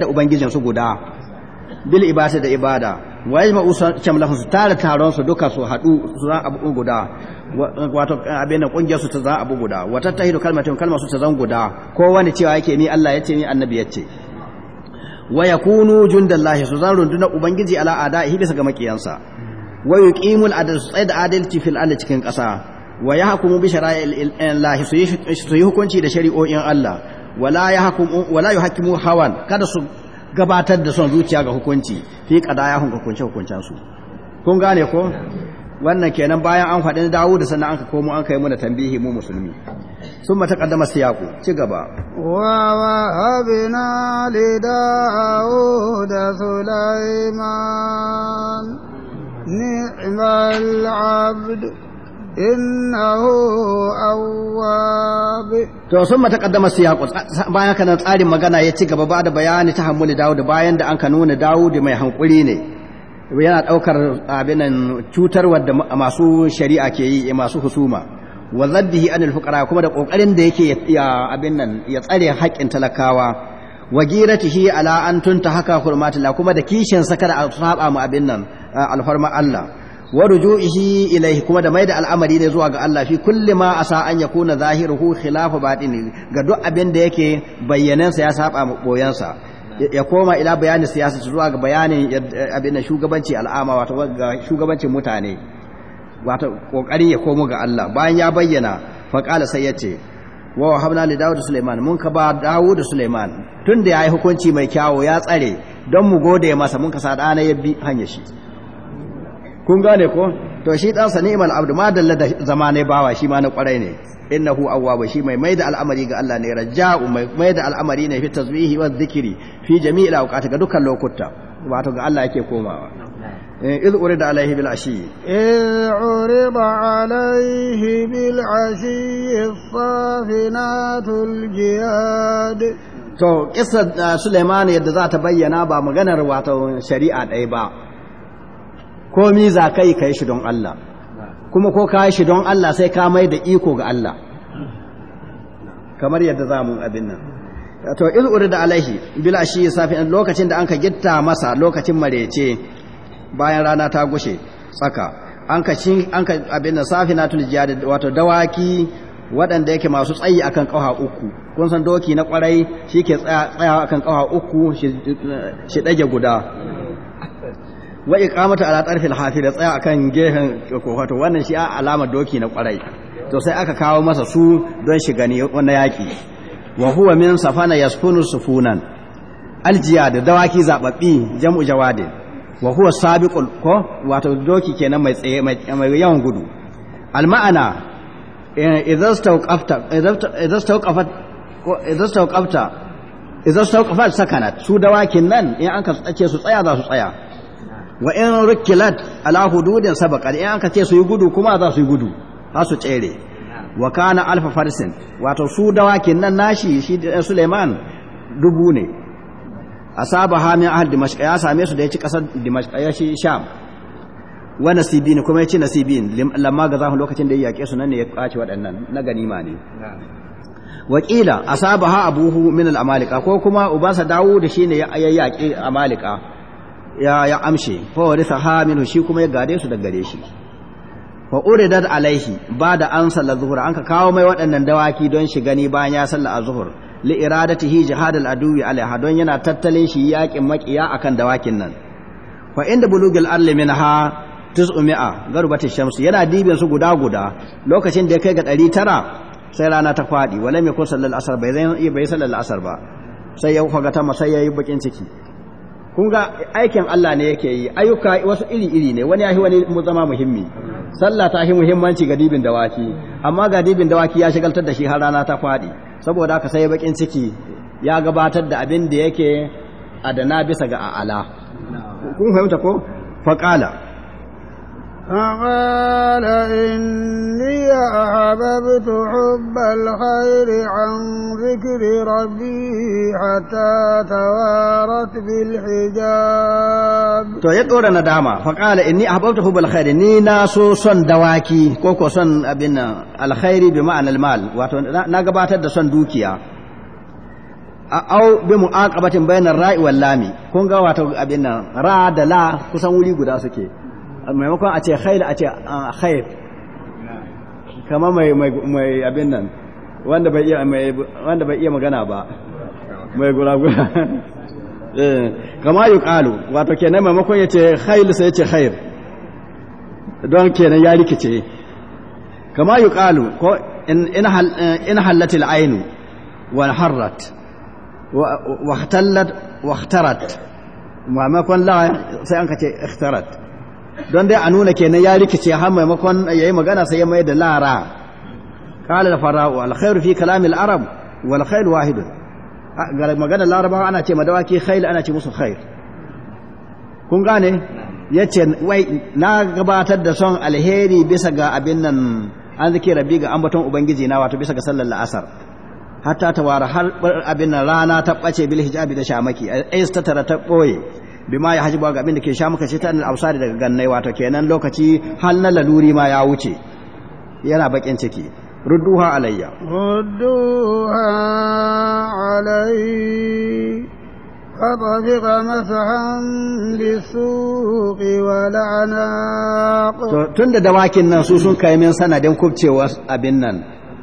da ubangijin su guda bil ibada da ibada بالإبادة ma usan ويجمعوا su tare taron su duka su hadu su za abu guda. wato abin da kungiyar su ta za abu guda wata tahidu kalmatin kalmar su ta zan guda ko wani cewa yake ni Allah yace ni annabi yace wa yakunu jundallahi su zan runduna ubangiji ala adaihi bisa ga makiyansa wa yuqimul adl tsaida adalci fil ardi cikin ƙasa wa yahkumu bi shara'i'il lahi su yi hukunci da shari'o'in Allah wala yahkumu wala yuhakkimu hawan kada su gabatar da son zuciya ga hukunci fi qadayahum ga hukunci hukuncan su kun gane ko wannan kenan bayan an fadin Dawud sannan an ka komo an kai muna tambihi mu musulmi sun mata kaddama siyaku ci gaba wa wa abina Sulaiman ni'mal innahu awwab to sun mata kaddama siyaqu bayan kana tsarin magana ya ci gaba ba da bayani ta hammuli Dawud bayan da an ka nuna Dawud mai hankuri ne yana daukar abinan cutarwar da masu shari'a ke yi masu husuma wa zaddihi anil fuqara kuma da kokarin da yake ya abin nan ya tsare haƙƙin talakawa wa giratihi ala an tunta haka hurmatillah kuma da kishin sakar a saba mu abin nan alfarma Allah wa ruju'ihi ilaihi kuma da maida al'amari ne zuwa ga Allah fi kulli ma asa an yakuna zahiruhu khilafu batini ga duk abin da yake sa ya saba sa ya koma ila bayanin siyasa zuwa ga bayanin abin shugabanci al'ama wato ga shugabancin mutane wato kokarin ya komo ga Allah bayan ya bayyana fa qala sai yace wa wahabna li Dawud Sulaiman mun ka ba Dawud Sulaiman tunda yayi hukunci mai kyawo ya tsare don mu gode masa mun ka sa dana yabbi hanyar shi kun gane ko to shi dan sa ni'mal abdu ma dalla da zamanai bawa shi ma na kwarai ne innahu awwab shi mai maida al'amari ga Allah ne raja'u mai maida al'amari ne fi tasbihi wa dhikri fi jami'il awqati ga dukkan lokuta wato ga Allah yake komawa إذ أريد عليه بالعشي إذ عرض عليه بالعشي الصافنات الجياد to kissa eh, Sulaiman yadda za ta bayyana ba maganar wato shari'a ɗaya ba komi za ka yi ka yi shi don Allah kuma ko ka yi shi don Allah sai ka mai da iko ga Allah kamar yadda za mu abin nan to iz urida alaihi bil ashi safi'an lokacin da anka gitta masa lokacin marece bayan rana ta gushe tsaka anka shin anka abin nan safinatul jihad wato dawaki waɗanda yake masu tsayi akan ƙafa uku kun san doki na ƙwarai shi ke tsaya akan ƙafa uku shi ɗage guda wa iqamata ala tarfil hafi da tsaya akan gehen kofa to wannan shi alamar doki na kwarai to sai aka kawo masa su don shi gani wannan yaki wa huwa min safana yasfunu sufunan aljiya da dawaki zababbi jam'u jawadin wa huwa sabiqul ko wato doki kenan mai tsaye mai yawan gudu al ma'ana idza stawqafta idza stawqafat idza stawqafta idza stawqafat sakanat su dawakin nan in an ka tsace su tsaya za su tsaya wa in rukilat ala hududin sabaqa in aka ce su yi gudu kuma za su yi gudu za su tsere wa kana alfa farsin wato su dawakin nan nashi shi Suleiman dubu ne asaba ha min ahli dimashq ya same su da ya ci kasar dimashq ya shi sham wa nasibin kuma ya ci nasibin lamma ga zahu lokacin da ya yake su nan ne ya kwace waɗannan na ganima ne wakila asaba ha abuhu min al amalika ko kuma ubansa dawo da shi ne ya yaƙi amalika ya ya amshe fa ha haminu shi kuma ya gade su da gare shi fa uridat alaihi ba da an salla zuhur an ka kawo mai waɗannan dawaki don shi gani bayan ya salla azhur li iradatihi jihad al aduwi alaiha don yana tattalin shi yakin makiya akan dawakin nan fa inda bulugil arli minha tuz'umi'a garbatish shamsu yana dibin su guda guda lokacin da ya kai ga 900 sai rana ta fadi wala mai kun sallal asr bai zai bai sallal asr ba sai ya kwaga ta ya yayi bakin ciki kun ga aikin Allah ne yake yi ayyuka wasu iri-iri ne wani yahi wani zama muhimmi sallah ta yi muhimmanci ga dibin dawaki amma ga dibin dawaki ya shigaltar da shi har rana ta faɗi saboda haka sai bakin ciki ya gabatar da abin da yake adana bisa ga a'ala kun fahimta ko faqala فقال إني أحببت حب الخير عن ذكر ربي حتى توارت بالحجاب to ya ɗora nadama faƙala inni ahbabtu hubal alkhairi ni na so son dawaki ko ko son abin alkhairi bi ma'anar mal wato na gabatar da son dukiya au bi mu'aqabatin bainar ra'i wal lami kun ga wato abin ra da la kusan wuri guda suke maimakon a ce khail a ce khair kama mai mai abin nan wanda bai iya mai wanda bai iya magana ba mai gura (laughs) eh kama yuqalu wato kenan maimakon yace khail sai yace khair don kenan ya rikice kama yuqalu ko in in halatil ainu wal harrat wa ihtallat wa ikhtarat maimakon la sai an kace ikhtarat don dai a nuna kenan ya rikice har maimakon yayi magana sai ya mai da lara qala da farau al fi kalamil arab wal khayl wahid magana larabawa ana ce madawaki khair ana ce musu khair kun gane yace wai na gabatar da son alheri bisa ga abin nan an zake rabbi ga ambaton ubangiji na wato bisa ga sallar la'asar hatta tawara har abin nan rana ta bace bil hijabi da shamaki ai ta tara ta boye bima ya hajiba ga abin da ke sha muka ce ta annal absari daga gannai wato kenan lokaci har na laluri ma ya wuce yana bakin ciki rudduha alayya rudduha alayya فطبق مسحا بالسوق والعناق تند دواكن nan su sun kai min sanadin kubcewa abin nan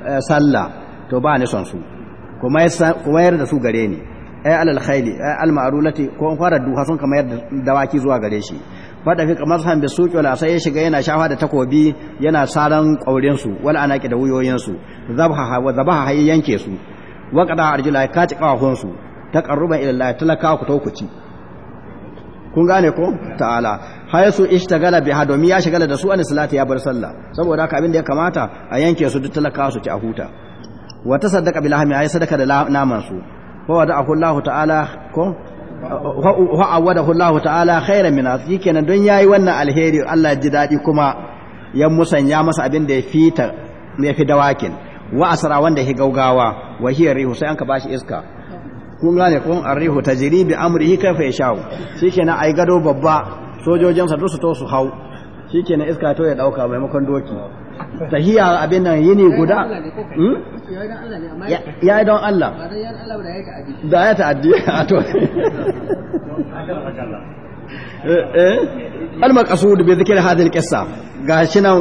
eh, sallah to ba ni kuma kuma su gare ni ay alal khayli al ma'rulati ko fara duha sun kamar dawaki zuwa gare shi fada fi kamar san suki wala sai ya shiga yana shafa da takobi yana saran kaurin su wala anaki da wuyoyin su zabha wa zabaha hayi yanke su wa qada arjula ka ci kawahun su taqarruban ila Allah talaka ku taukuci kun gane ko ta'ala hay su ishtagala bi hadomi ya shigala da su an salati ya bar sallah saboda haka abin da ya kamata a yanke su duk talaka su ci a huta wa tasaddaqa bil lahmi ay sadaka da naman su wa da Allah ta'ala ko wa awadahu Allah ta'ala khairan min asyi kenan don yayi wannan alheri Allah ji dadi kuma ya musanya masa abin da ya fita ya fi dawakin wa asra wanda ya gaugawa wa hiya rihu sai an ka bashi iska kun gane kun arrihu tajri bi amrihi kaifa yashau shikenan ai gado babba sojojin sa su to su hau shikenan iska to ya dauka maimakon doki tahiya abin nan yini guda ya yi don Allah da ya ta'addi (laughs) a to eh, eh. almakasu da bai dhikr hadin al ga shi nan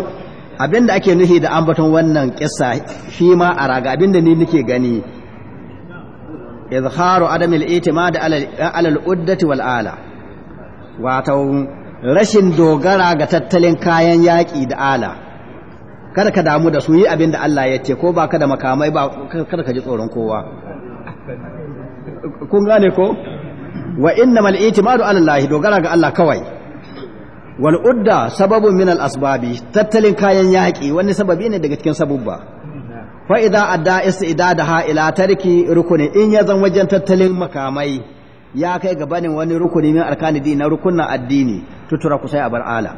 abinda ake nufi da ambaton wannan kissa shi ma a raga abinda ni nake gani izharu adam al-i'timad ala al-uddati wal ala wato rashin dogara ga tattalin kayan yaƙi da ala kada ka damu da su yi abin da Allah ya ce ko ba ka da makamai ba kada ka ji tsoron kowa kun gane ko wa mal itimadu ala Allah dogara ga Allah kawai wal udda sababun min al asbabi tattalin kayan yaki wani sababi ne daga cikin sabubba fa idza adda istidadaha ila tarki rukuni in ya zan wajen tattalin makamai ya kai gabanin wani rukuni min arkani na rukunna addini tutura ku sai a bar ala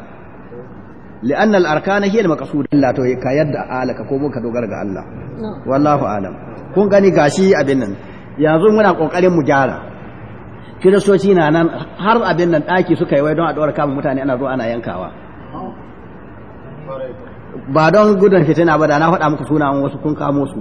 li'anna al-arkana hiya al-maqsud Allah to ka yadda alaka ko muka dogara ga Allah wallahu alam kun gani gashi abin nan yanzu muna kokarin mu gyara kiristoci na nan har a binnan daki suka yi wai don a dora kama mutane ana zo ana yankawa ba don gudun fitina ba da na faɗa muku suna wasu kun kamo su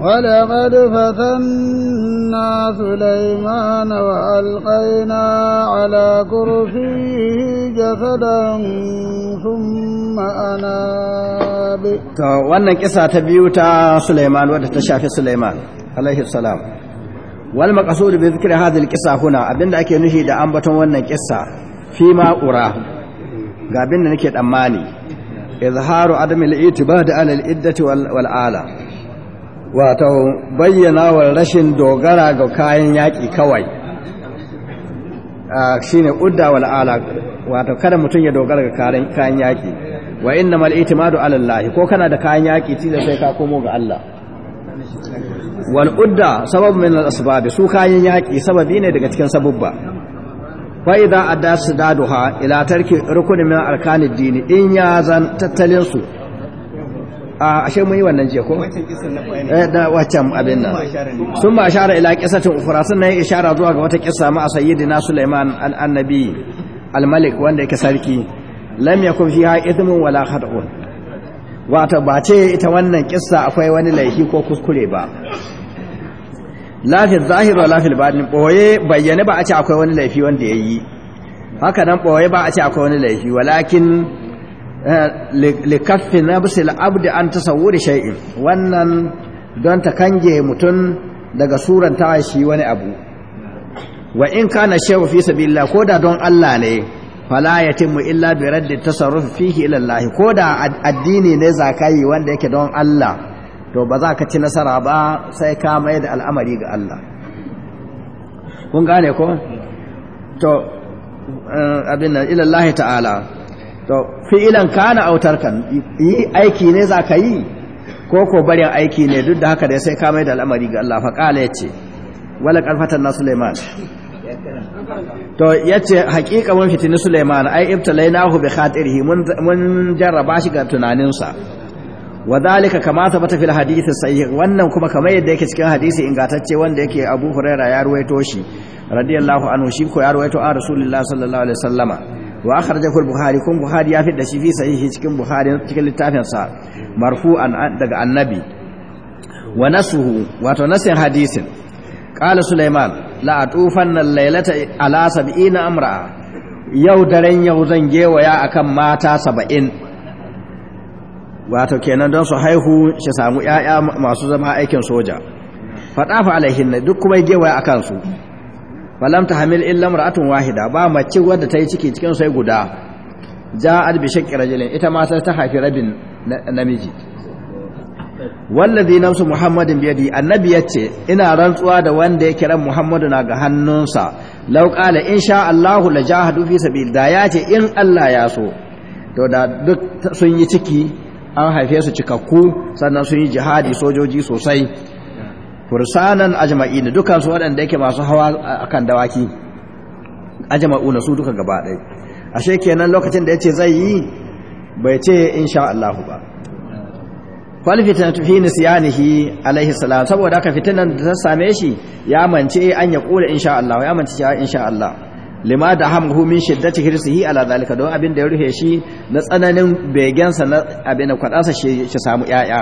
ولقد فتنا سليمان وألقينا على كرسيه جسدا ثم أناب to wannan kisa ta biyu ta Sulaiman wadda ta shafi Sulaiman alaihi salam wal maqsud bi dhikri hadhihi al abinda ake nufi da ambaton wannan kisa, fi ma ga abinda nake tsammani izharu adam al itibad ala al iddati wal ala wato wa rashin dogara ga kayan yaƙi kawai shi ne ƙudda wal'ala wato kada mutum ya dogara ga kayan yaƙi wa inna mal itimadu alallahi ko kana da kayan yaƙi tilas sai ka komo ga Allah wal udda sabab min al asbab su kayan yaƙi sababi ne daga cikin sabubba fa idza adda sadaduha ila tarki rukun min arkanid dini in ya zan tattalin su a ashe mun yi wannan je ko eh, da wacan abin nan sun ba ashara ila qisatin ukhra sun nayi ishara zuwa ga wata qissa ma sayyidina Sulaiman annabi al-malik wanda yake sarki lam yakun fiha ithmun wala khad'un wato ba ce ita wannan kissa akwai wani laifi ko kuskure ba lafi zahir wa lafi batin boye bayyane ba a ce akwai wani laifi wanda yayi haka nan boye ba a ce akwai wani laifi walakin Eh, likaffi bisa la'abdi an tasawuri shay'in wannan don ta kange mutum daga suranta shi wani abu wa in kana shehu fi sabilillah ko da don Allah ne fala yatimmu illa bi raddi tasarruf fihi ila Allah ko da addini ne zakai wanda yake don Allah to ba za ka ci nasara ba sai ka mai da al'amari ga Allah kun gane ko to eh, abin ila Allah ta'ala to fi'ilan kana autar kan yi aiki ne za ka yi ko ko barin aiki ne duk da haka da sai ka mai da al'amari ga Allah faƙala ya yace wala ƙarfatar na Suleiman. to ya ce haƙiƙa mun fitini Suleiman ai hu bi khatirihi mun mun jarraba shi ga tunaninsa wa dalika kama bata fil hadith sahih wannan kuma kamar yadda yake cikin hadisi ingantacce wanda yake Abu Hurairah ya ruwaito shi radiyallahu anhu shi ko ya ruwaito a rasulullahi sallallahu alaihi wasallama wa akhraja al-bukhari kun bukhari ya fitta shi fi sahihi cikin bukhari cikin littafin sa marfu'an daga annabi wa nasuhu to nasin hadisin qala sulaiman la atufanna al-laylata ala sab'ina amra yau daren yau zan gewaya akan mata saba'in wato kenan don su haihu shi samu 'ya'ya masu zama aikin soja faɗafa alaihin duk kuma gewaya a kansu. falam hamil illa mar'atun wahida ba mace wadda ta yi ciki cikin sai guda ja'at bi shaqqi rajulin ita ma sai ta haifi rabin namiji wallazi namsu muhammadin biyadi annabi yace ina rantsuwa da wanda ya kira muhammadu na ga hannunsa law qala insha allahu la jahadu fi sabil da yace in allah ya so to da duk sun yi ciki an haife su cikakku sannan sun yi jihadi sojoji sosai fursanan ajma'ina dukkan su waɗanda yake masu hawa akan dawaki ajma'una su duka gaba ɗaya ashe kenan lokacin da yace zai yi bai ce insha Allah ba fal fitnatu fi nisyanihi alaihi salam saboda haka fitnan da ta same shi ya mance an ya kula insha Allah ya mance cewa insha Allah lima da hamhu min shiddati hirsihi ala zalika don abin da ya rufe shi na tsananin begensa na abin da kwadasa shi samu yaya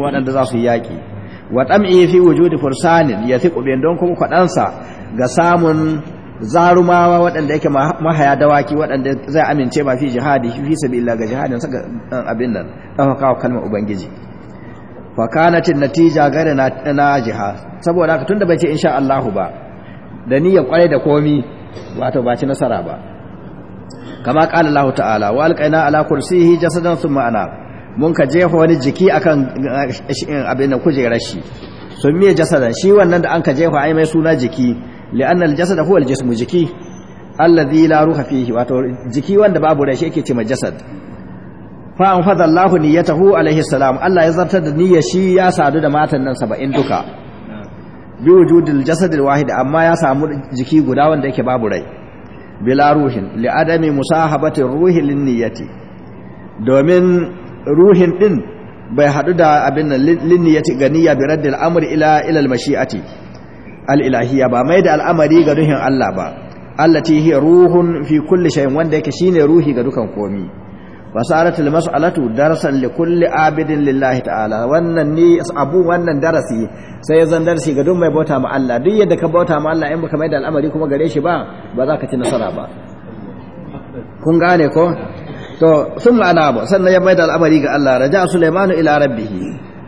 waɗanda za su yi yaki wa tam'i fi wujudi fursanin fi bi don kuma kwaɗansa ga samun zarumawa waɗanda yake mahaya dawaki waɗanda zai amince ba fi jihadi fi sabilillah ga jihadin saka abin nan ɗaukaka kalmar ubangiji fa tin natija gare na jiha saboda haka tunda bai ce insha Allah ba da niyyar kwarai da komi wato ba ci nasara ba kama qala Allah ta'ala wa alqaina ala kursiyi jasadan thumma ana mun ka jefa wani jiki akan eh, abin da kujerar shi sun me jasadan shi wannan da an ka jefa ai mai suna jiki li'anna al-jasad huwa al-jismu jiki alladhi la ruha fihi wato jiki wanda babu rai shi yake ce jasad fa an fadha Allah niyyatahu alaihi salam Allah ya zartar da niyyar shi ya sadu da matan nan 70 duka bi wujudil jasad al-wahid amma ya samu jiki guda wanda yake babu rai bila ruhin li adami musahabati ruhi lin niyyati domin ruhin din bai hadu da abin nan linniyati ganiya bi raddil amri ila ila al mashi'ati al ilahiyya ba mai da al'amari ga ruhin Allah ba Allah ti hiya ruhun fi kulli shay'in wanda yake shine ruhi ga dukan komi wasarat al mas'alatu darasan li kulli abidin lillahi ta'ala wannan ni abu wannan darasi sai zan darasi ga duk mai bauta ma Allah duk yadda ka bauta ma Allah in baka mai da al'amari kuma gare shi ba ba za ka ci nasara ba kun gane ko to sun ma'ana sannan ya maida al'amari ga Allah raja Sulaimanu ila rabbihi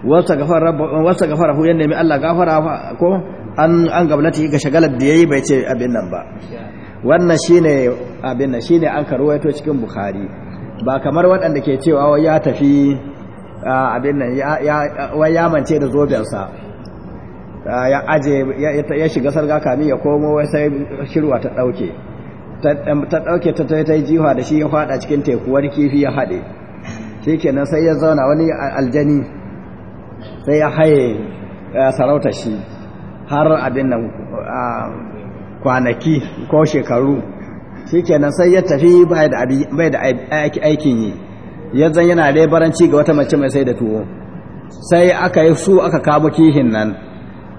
wasa gafara wasa gafara hu yanne mai Allah gafara ko an an ga shagalar da yayi bai ce abin nan ba wannan shine abin nan shine an karwaito cikin Bukhari ba kamar waɗanda ke cewa wai ya tafi abin nan wai ya mance da zobensa ya aje ya shiga sarga kami ya komo sai shirwa ta ɗauke ta ɗauke ta ta yi jiwa da shi ya faɗa cikin tekuwar kifi ya haɗe shi kenan sai ya zauna wani aljani sai ya haye sarauta shi har abin nan kwanaki ko shekaru shi kenan sai ya tafi bai da aikin yi yanzu yana lebaranci ga wata mace mai sai da tuwo sai aka yi su aka kamo kihin nan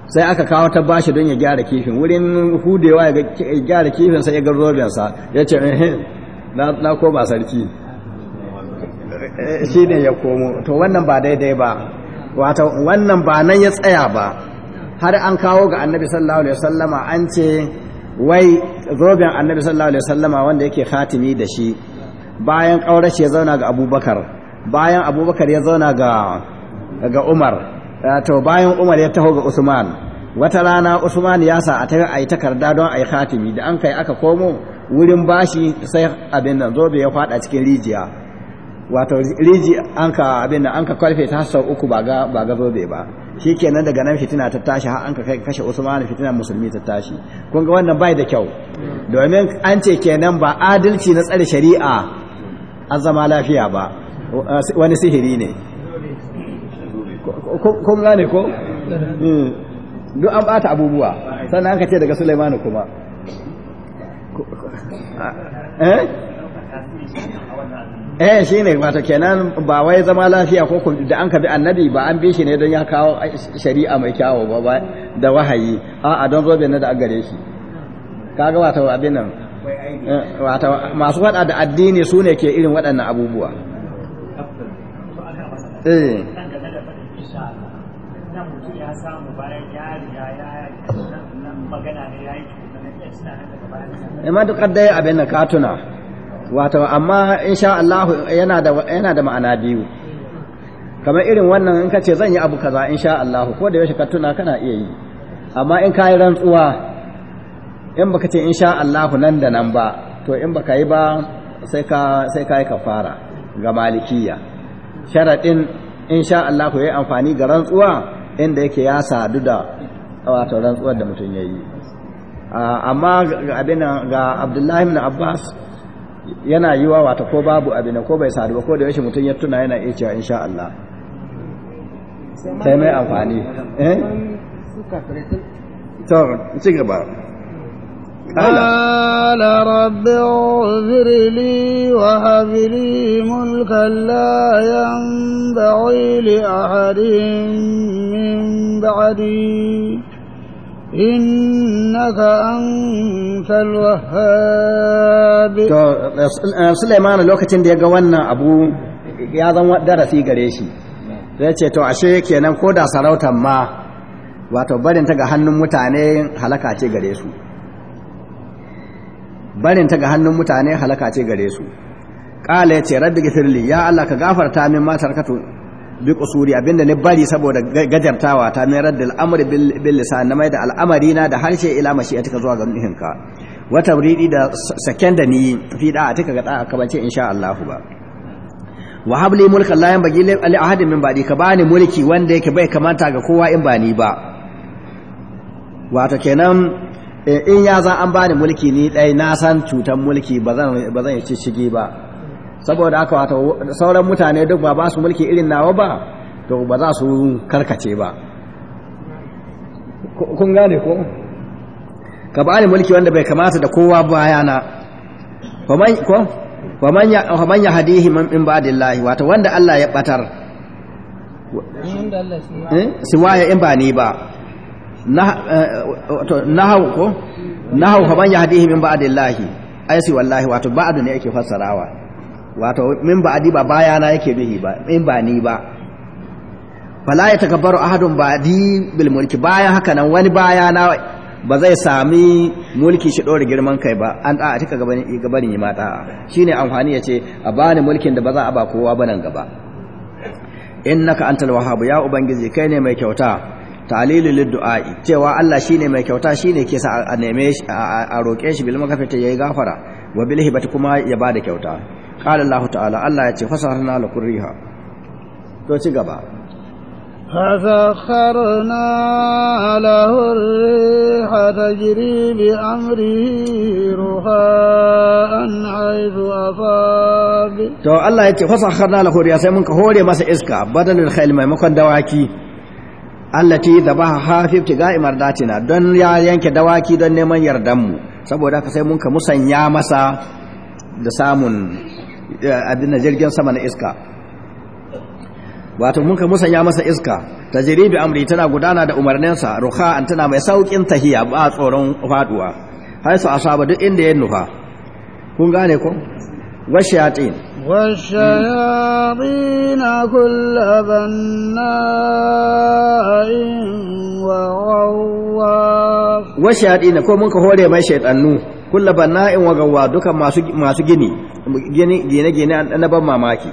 sai aka kawo ta bashi don ya gyara kifin wurin hudewa ya gyara kifin sai ya ga robinsa ya ce na koma sarki eh, shi ne ya komo to wannan ba daidai ba wata wannan ba nan ya tsaya ba har an kawo ga annabi sallallahu alaihi wasallama an ce wai robin annabi sallallahu alaihi wasallama wanda yake khatimi da shi bayan ƙaurashi ya zauna ga abubakar bayan abubakar ya zauna ga umar Eh, to bayan Umar ya taho ga Usman wata rana Usman ya sa a tafi a yi takarda don a yi khatimi da an kai aka komo wurin bashi sai abin nan zobe ya fada cikin rijiya wato riji an ka abin nan an ka kwalfe ta sau uku ba ga ba shi zobe ba kenan daga nan fitina ta tashi har an ka kashe Usman fitina musulmi ta tashi kun ga wannan bai da kyau domin an ce kenan ba adalci na tsare shari'a an zama lafiya ba wani sihiri ne kun gane ko hmm. duk an bata abubuwa sannan an ka ce daga Sulaimanu kuma eh eh shi ne wato kenan ba wai zama lafiya ko da an ka bi annabi ba an bi shi ne don ya kawo shari'a mai kyawo ba da wahayi a'a don zobe na da agare shi kaga wato abin nan eh, wato masu wada da addini su ne ke irin waɗannan abubuwa eh nan mutum ya samu bayan ya riga ya nan magana ne ya yi amma eh, duk dai abin da ka tuna wato amma insha Allah yana da yana da ma'ana biyu kamar irin wannan in ka ce zan yi abu kaza insha Allah ko da yaushe ka tuna kana iya yi amma in ka yi rantsuwa in baka ce insha Allah nan da nan ba to in baka yi ba sai ka sai ka yi kafara ga malikiya sharadin in sha Allah ya yi amfani ga rantsuwa inda yake ya sadu da wato rantsuwar da mutum ya yi amma abin ga Abdullahi ibn Abbas yana yi wa wata ko babu abin ko bai sadu ba ko da yashi mutum ya tuna yana iya cewa insha Allah sai mai amfani eh to ci gaba قال رب اغفر لي وهب لي ملكا لا ينبغي لأحد من بعدي إنك أنت الوهاب سليمان لوكتين دي قوانا أبو ya zama darasi gare shi zai ce to ashe kenan ko da sarautar ma wato barin ta ga hannun mutane halaka ce gare barin ta ga hannun mutane halaka ce gare su ya ce rabbi gifirli ya Allah ka gafarta min ma tarkatu bi kusuri abinda ni bari saboda gajartawa ta min raddi amri bil lisan na mai da al'amari na da harshe ila mashi'atika zuwa ga nuhinka wa tabridi da saken da ni fi da'atika ga da'a kabance insha Allah ba wa habli mulkan la yanbaghi li ahadin min ka bani mulki wanda yake bai kamata ga kowa in ba ni ba wato kenan Eh, in ya zan an bani mulki ni ɗai na san cutan mulki ba zan yi shige ba saboda haka wata sauran mutane duk ba ba su mulki irin nawa ba to ba za su karkace ba kun gane ko ka bani mulki wanda bai kamata da kowa bayana ko man ya hadihi min ba'dillahi wato wanda Allah ya batar waye eh, in ba ni ba Eh, nahawu ko nahawu fa man yahdihi min ba'dillahi aysi wallahi wato ba'du ne yake fassarawa wato min ba'di ba bayana yake bihi ba min ba ni ba fala ya takabbaru ahadun ba'di bil mulki bayan haka nan wani bayana ba zai sami mulki shi ɗora girman kai ba an ɗa'a cika gaban yi mata shine amfani ya ce a bani mulkin da ba za a ba kowa ba nan gaba in naka wahhab wahabu ya ubangiji kai ne mai kyauta ta'lilu liddu'ai cewa Allah shine mai kyauta shine ke sa a neme a roƙe shi bil magafata yayi gafara wa bil hibati kuma ya bada kyauta qala Allah ta'ala Allah ya ce fasarna la kurriha to ci gaba فسخرنا له الريح تجري بأمره رخاء حيث أصاب تو الله يتي فسخرنا له الريح سيمون كهوري مس إسكا بدل الخيل ما يمكن دواكي allati zabaha hafif tiga imardatina don ya yanke dawaki don neman yardan mu saboda haka sai mun ka musanya masa da samun eh, abin jirgin sama na iska wato mun ka musanya masa iska tajribi amri tana gudana da umarninsa ruha an tana mai saukin tahiya ba tsoron faduwa haisu asaba duk inda ya nufa kun gane ko washayatin والشياطين كل بناء وغواص والشياطين ko mun ka hore mai shaytannu kullu banna'in wa gawwa dukan masu gini gine gine na ban mamaki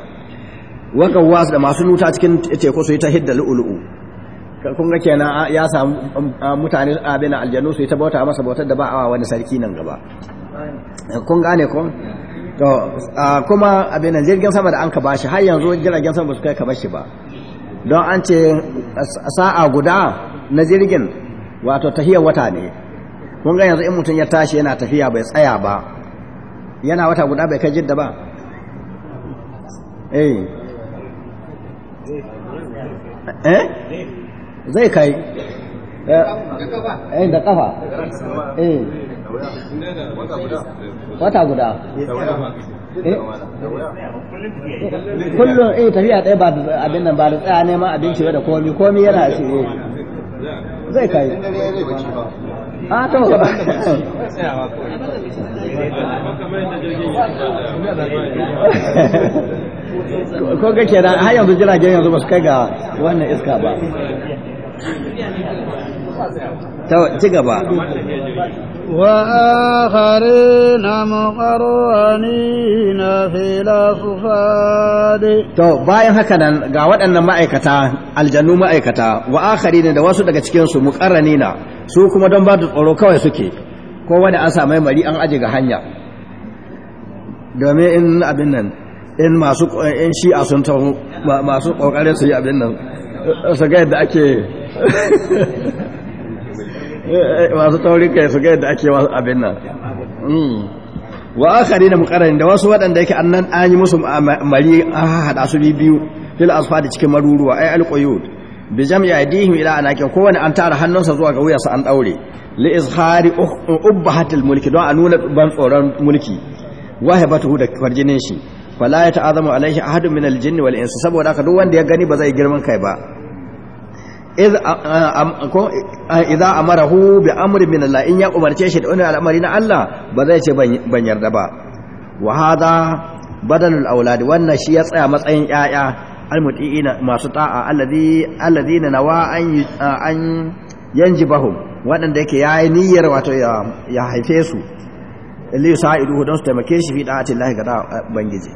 wa gawwas da masu luta cikin teku su lu'ulu'u kun ga kenan ya samu mutane abin aljanu su yi ta bauta masa bautar da ba a wani sarki nan gaba kun gane kun to kuma abin nan jirgin sama da an ka bashi har yanzu jiragen sama su kai ka bashi ba don an ce sa'a guda na jirgin wato tahiyar wata ne kun ga yanzu in mutum ya tashi yana tafiya bai tsaya ba yana wata guda bai kai jidda ba eh eh zai kai eh da kafa eh wata guda eh? kullum eh tafiya ɗaya ba abin nan ba da tsaya neman abinci da komi komi yana ce eh. zai kai a ah, ta ba (laughs) ko ga kenan har yanzu jiragen yanzu ba su kai ga wannan iska ba ta ci gaba وآخرين مقرنين في الأصفاد to bayan haka nan ga waɗannan ma'aikata aljannu ma'aikata wa'akari akharina da wasu daga cikin su muqarranina su kuma don ba da tsoro kawai suke ko wani an samai mari an aje ga hanya domin in abin nan in masu in masu kokarin su abin nan ake (laughs) wasu eh, eh, taurin kai su yadda ake wasu abin nan hmm. wa akari da mukarrani da wasu waɗanda yake annan an yi musu mari a haɗa su biyu fil asfa da cikin maruruwa ai alquyud bi jam'i aydihim ila ke kowane an tara hannunsa zuwa ga wuyarsa an daure li izhari ubbahatil mulki don a nuna ban tsoron mulki wahibatuhu da farjinin shi fala ya ta'azamu alaihi ahadun min aljinni wal insi saboda haka duk wanda ya gani ba zai girman kai ba idza amarahu bi amrin min Allah in ya umarce shi da wani al'amari na Allah ba zai ce ban yarda ba wa hada badalul aulad wannan shi ya tsaya matsayin yaya almutiina masu ta'a allazi allazina nawa an an yanjibahum wadanda yake yayi niyyar wato ya haife su li sa'idu don su taimake shi fi da'atillahi ga bangiji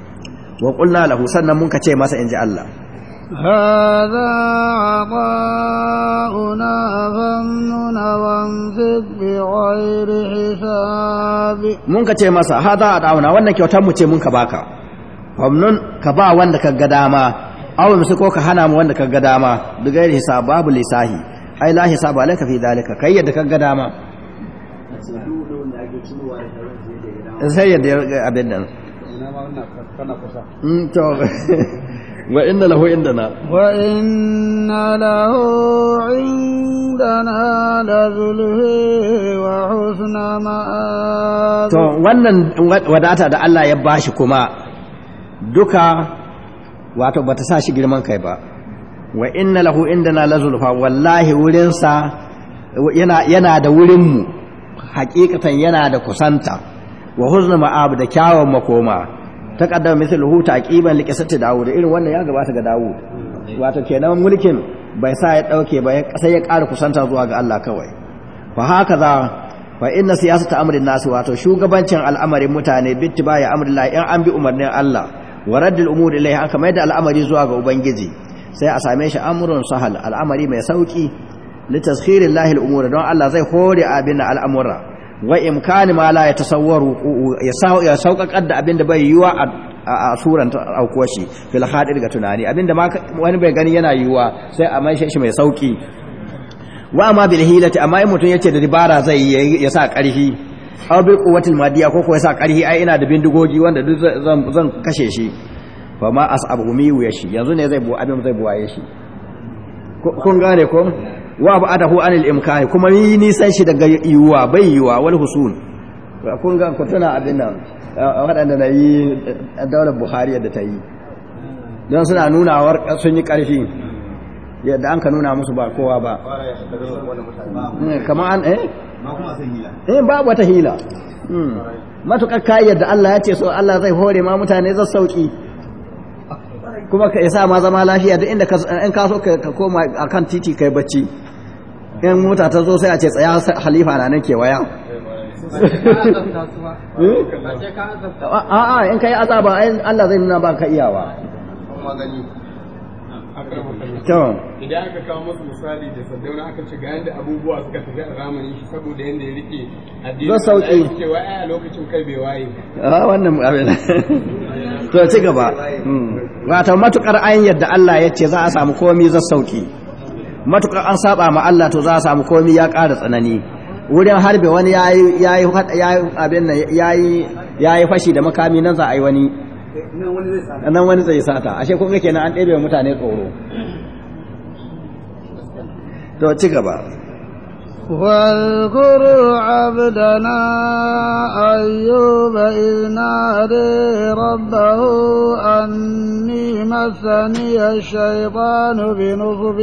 wa qulna lahu sannan mun ka ce masa inji Allah هذا عطاؤنا فامنن وامسك بغير حساب mun ka ce masa hada adauna wannan kyautar mu ce mun ka baka famnun ka ba wanda ka ga dama aw ko ka hana mu wanda ka ga dama bi gairi hisab babu lisahi ai la hisab alaka fi dalika kai yadda ka ga dama kana kusa mm, to (laughs) wa inna lahu indana wa inna lahu indana la zulhi wa husna ma'a to wannan wadata da Allah ya bashi kuma duka wato bata sa shi girman kai ba wa inna lahu indana la zulfa wallahi wurinsa yana yana da wurin hakikatan yana da kusanta wa huzna makoma taqaddama mithluhu taqiban liqisati dawud irin wannan ya gabata ga dawud wato kenan mulkin bai sa ya dauke ba sai ya ƙara kusanta zuwa ga Allah kawai fa haka za fa inna siyasata amrin nasu wato shugabancin al'amarin mutane bittibai amrillah in an bi umarnin Allah wa raddul umuri ilayhi aka mai da al'amari zuwa ga ubangiji sai a same shi amrun sahal al'amari mai sauki li taskhirillahi al'umura don Allah zai hore abin al'amura wa imkani ma la yatasawwaru ya sauƙaƙar da abinda bai yiwa a suran aukuwa shi fil hadir ga tunani abinda ma wani bai gani yana yiwa sai a mai shi mai sauki wa amma bil hilati amma in mutun yace da dibara zai ya sa ƙarfi aw bil quwwatil madiya ko ko ya sa karfi ai ina da bindigogi wanda duk zan kashe shi fa ma as'abu yashi yanzu ne zai bu abin zai buwaye shi kun gane ko wa ba huwa anil imkahi kuma ni nisan shi daga yiwuwa bai yiwuwa wal husun kun ga ku tana abin nan waɗanda na yi daular buhari da ta yi don suna nuna war sun yi ƙarfi yadda an ka nuna musu ba kowa ba eh, kamar an eh eh babu wata hila hmm. matukar kayyar da Allah ya ce so Allah zai hore ma mutane zai sauki kuma ka isa ma zama lafiya duk inda in ka so ka koma a kan titi kai bacci in mota ta zo sai a ce tsaya halifa na nan kewaya (laughs) a'a in ka yi azaba Allah zai nuna ba ka iyawa idan aka kawo masu misali da sadauna aka ci ga yadda abubuwa suka tafi a zamanin shi saboda yadda ya rike addini sauki cewa a lokacin kai bai waye a ah, wannan abin (laughs) to ci gaba wata matukar an yadda Allah ya ce za a samu komi za sauki matukar an saba ma Allah to za a samu komi ya ƙara tsanani wurin harbe wani yayi yi fashi da makami nan za a yi wani nan wani zai sata ashe kun ga kenan an ɗebe mutane tsoro to ci gaba واذكر عبدنا أيوب إذ نادي ربه أني مسني الشيطان بنصب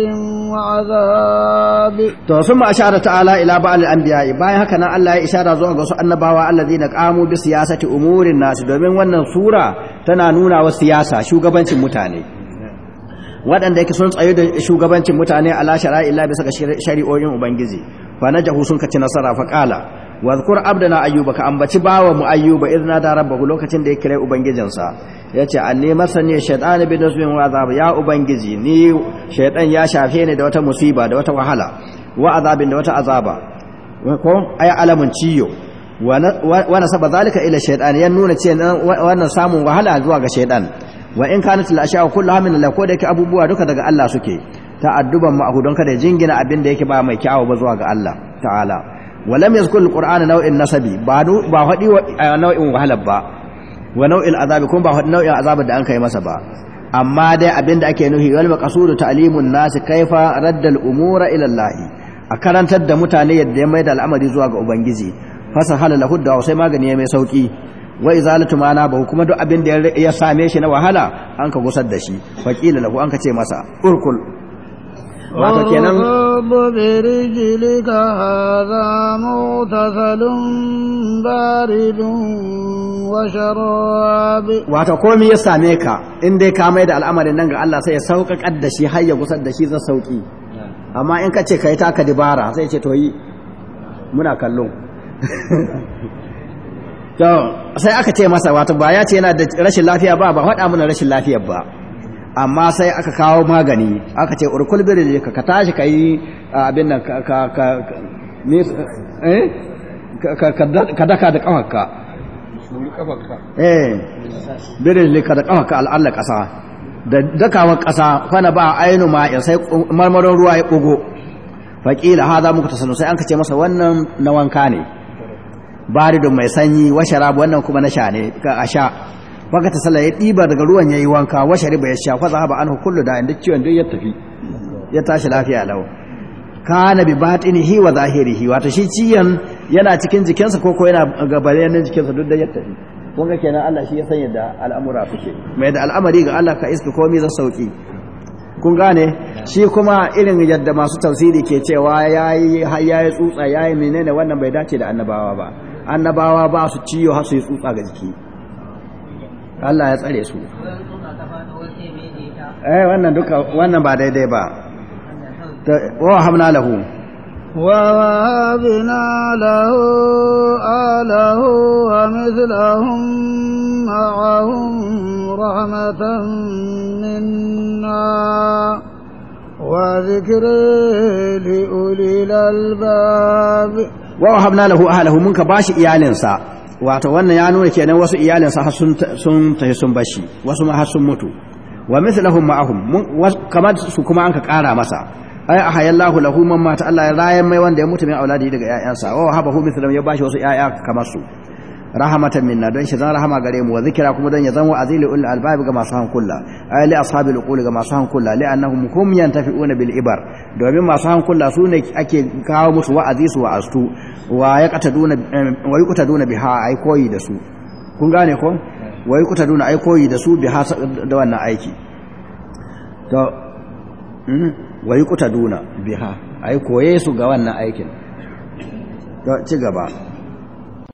وعذاب ثم sun ashara ta'ala بعض الأنبياء anbiya'i bayan haka إشارة Allah ya ishara zuwa ga su annabawa alladhina qamu bi siyasati umurin nas domin wannan sura tana nuna wa waɗanda yake sun tsaye da shugabancin mutane ala shara'i illa bisa ga shari'o'in ubangiji fa najahu sun kaci nasara fa qala wa zkur abdana ayyuba ka ambaci bawa mu ayyuba idna da rabbahu lokacin da ya kire ubangijinsa yace anni masani shaytan bi nasbin wa azab ya ubangiji ni shaytan ya shafe ni da wata musiba da wata wahala wa azabin da wata azaba ko ay alamun ciyo wa saba zalika ila shaytan ya nuna ce wannan samun wahala zuwa ga shaytan wa in kanat al-ashya kulluha min la ko da yake abubuwa duka daga Allah suke ta'adduban ma'ahu don kada jingina abin da yake ba mai kyawu ba zuwa ga Allah ta'ala walam yazkur alqur'ana nau'in nasabi ba ba hadi nau'in wahalab ba wa nau'in azabi kun ba hadi nau'in da an kai masa ba amma dai abin da ake nuhi wal maqsudu ta'limun nas kaifa radda umura ila Allah a karantar da mutane yadda ya maida al'amari zuwa ga ubangiji halala lahu da sai magani ya mai sauki wa izalatu mana ba kuma duk abin da ya same shi na wahala an ka gusar da shi faqila lahu an ka ce masa urkul wato kenan wato komai ya same ka in dai ka mai da al'amarin nan ga Allah sai ya sauƙaƙar da shi har ya gusar da shi zai sauƙi amma in ka ce ka yi taka dibara sai ce to yi muna kallo (laughs) to sai aka ce masa wato ba ya ce yana da rashin lafiya ba ba faɗa mana rashin lafiyar ba amma sai aka kawo magani aka ce urkul birri ka tashi ka yi abin nan ka ka ka eh, daka da kafarka eh birri ka da kafarka al'alla ƙasa da dakawa ƙasa fana ba ainu ma ya sai marmaron ruwa ya kogo faƙila ha za muku tasanu sai an kace masa wannan na wanka ne baridun mai sanyi wa sharabu wannan kuma na sha ne ka a sha baka ta sallah ya ɗiba daga ruwan ya yi wanka wa shariba ya sha fa zaba an kullu da inda ciwon dai ya tafi ya tashi lafiya lau kana bi batinihi wa zahirihi wato shi ciyan yana cikin jikinsa ko ko yana ga bayanan jikinsa duk da ya tafi kun ga kenan Allah shi ya san yadda al'amura suke mai da al'amari ga Allah ka iska komai za sauki kun gane shi kuma irin yadda masu tafsiri ke cewa yayi har yayi tsutsa yayi menene wannan bai dace da annabawa ba annabawa ba su ciyo har su yi tsutsa ga jiki Allah ya tsare su eh wannan duka wannan ba daidai ba wa hamna lahu wa habna lahu alahu wa mithlahum ma'ahum rahmatan minna وذكر لأولي الألباب ووهبنا له أهله ka bashi iyalinsa. wato wannan ya nuna kenan wasu iyalin sa sun sun tafi sun bashi wasu ma har sun mutu wa mithluhum ma'ahum kamar su kuma an ka kara masa ai ahayallahu lahu man mata Allah ya rayan mai wanda ya mutu min auladi daga ƴaƴansa wa habahu mithluhum ya bashi wasu ƴaƴa kamar su rahmatan minna don shi zan rahama gare mu wa zikira kuma don ya zama wa'azi li ulul albab ga masu hankula ay li ashabil uqul ga masu hankula li annahum hum yantafi'una bil ibar domin masu hankula su ne ake kawo musu wa'azi su wa'aztu wa yaqtaduna eh, wa yuqtaduna biha ay koyi da su kun gane ko wa yuqtaduna ay koyi da su biha da wannan aiki to mm, wa yuqtaduna biha ay koye su ga wannan aikin to ci gaba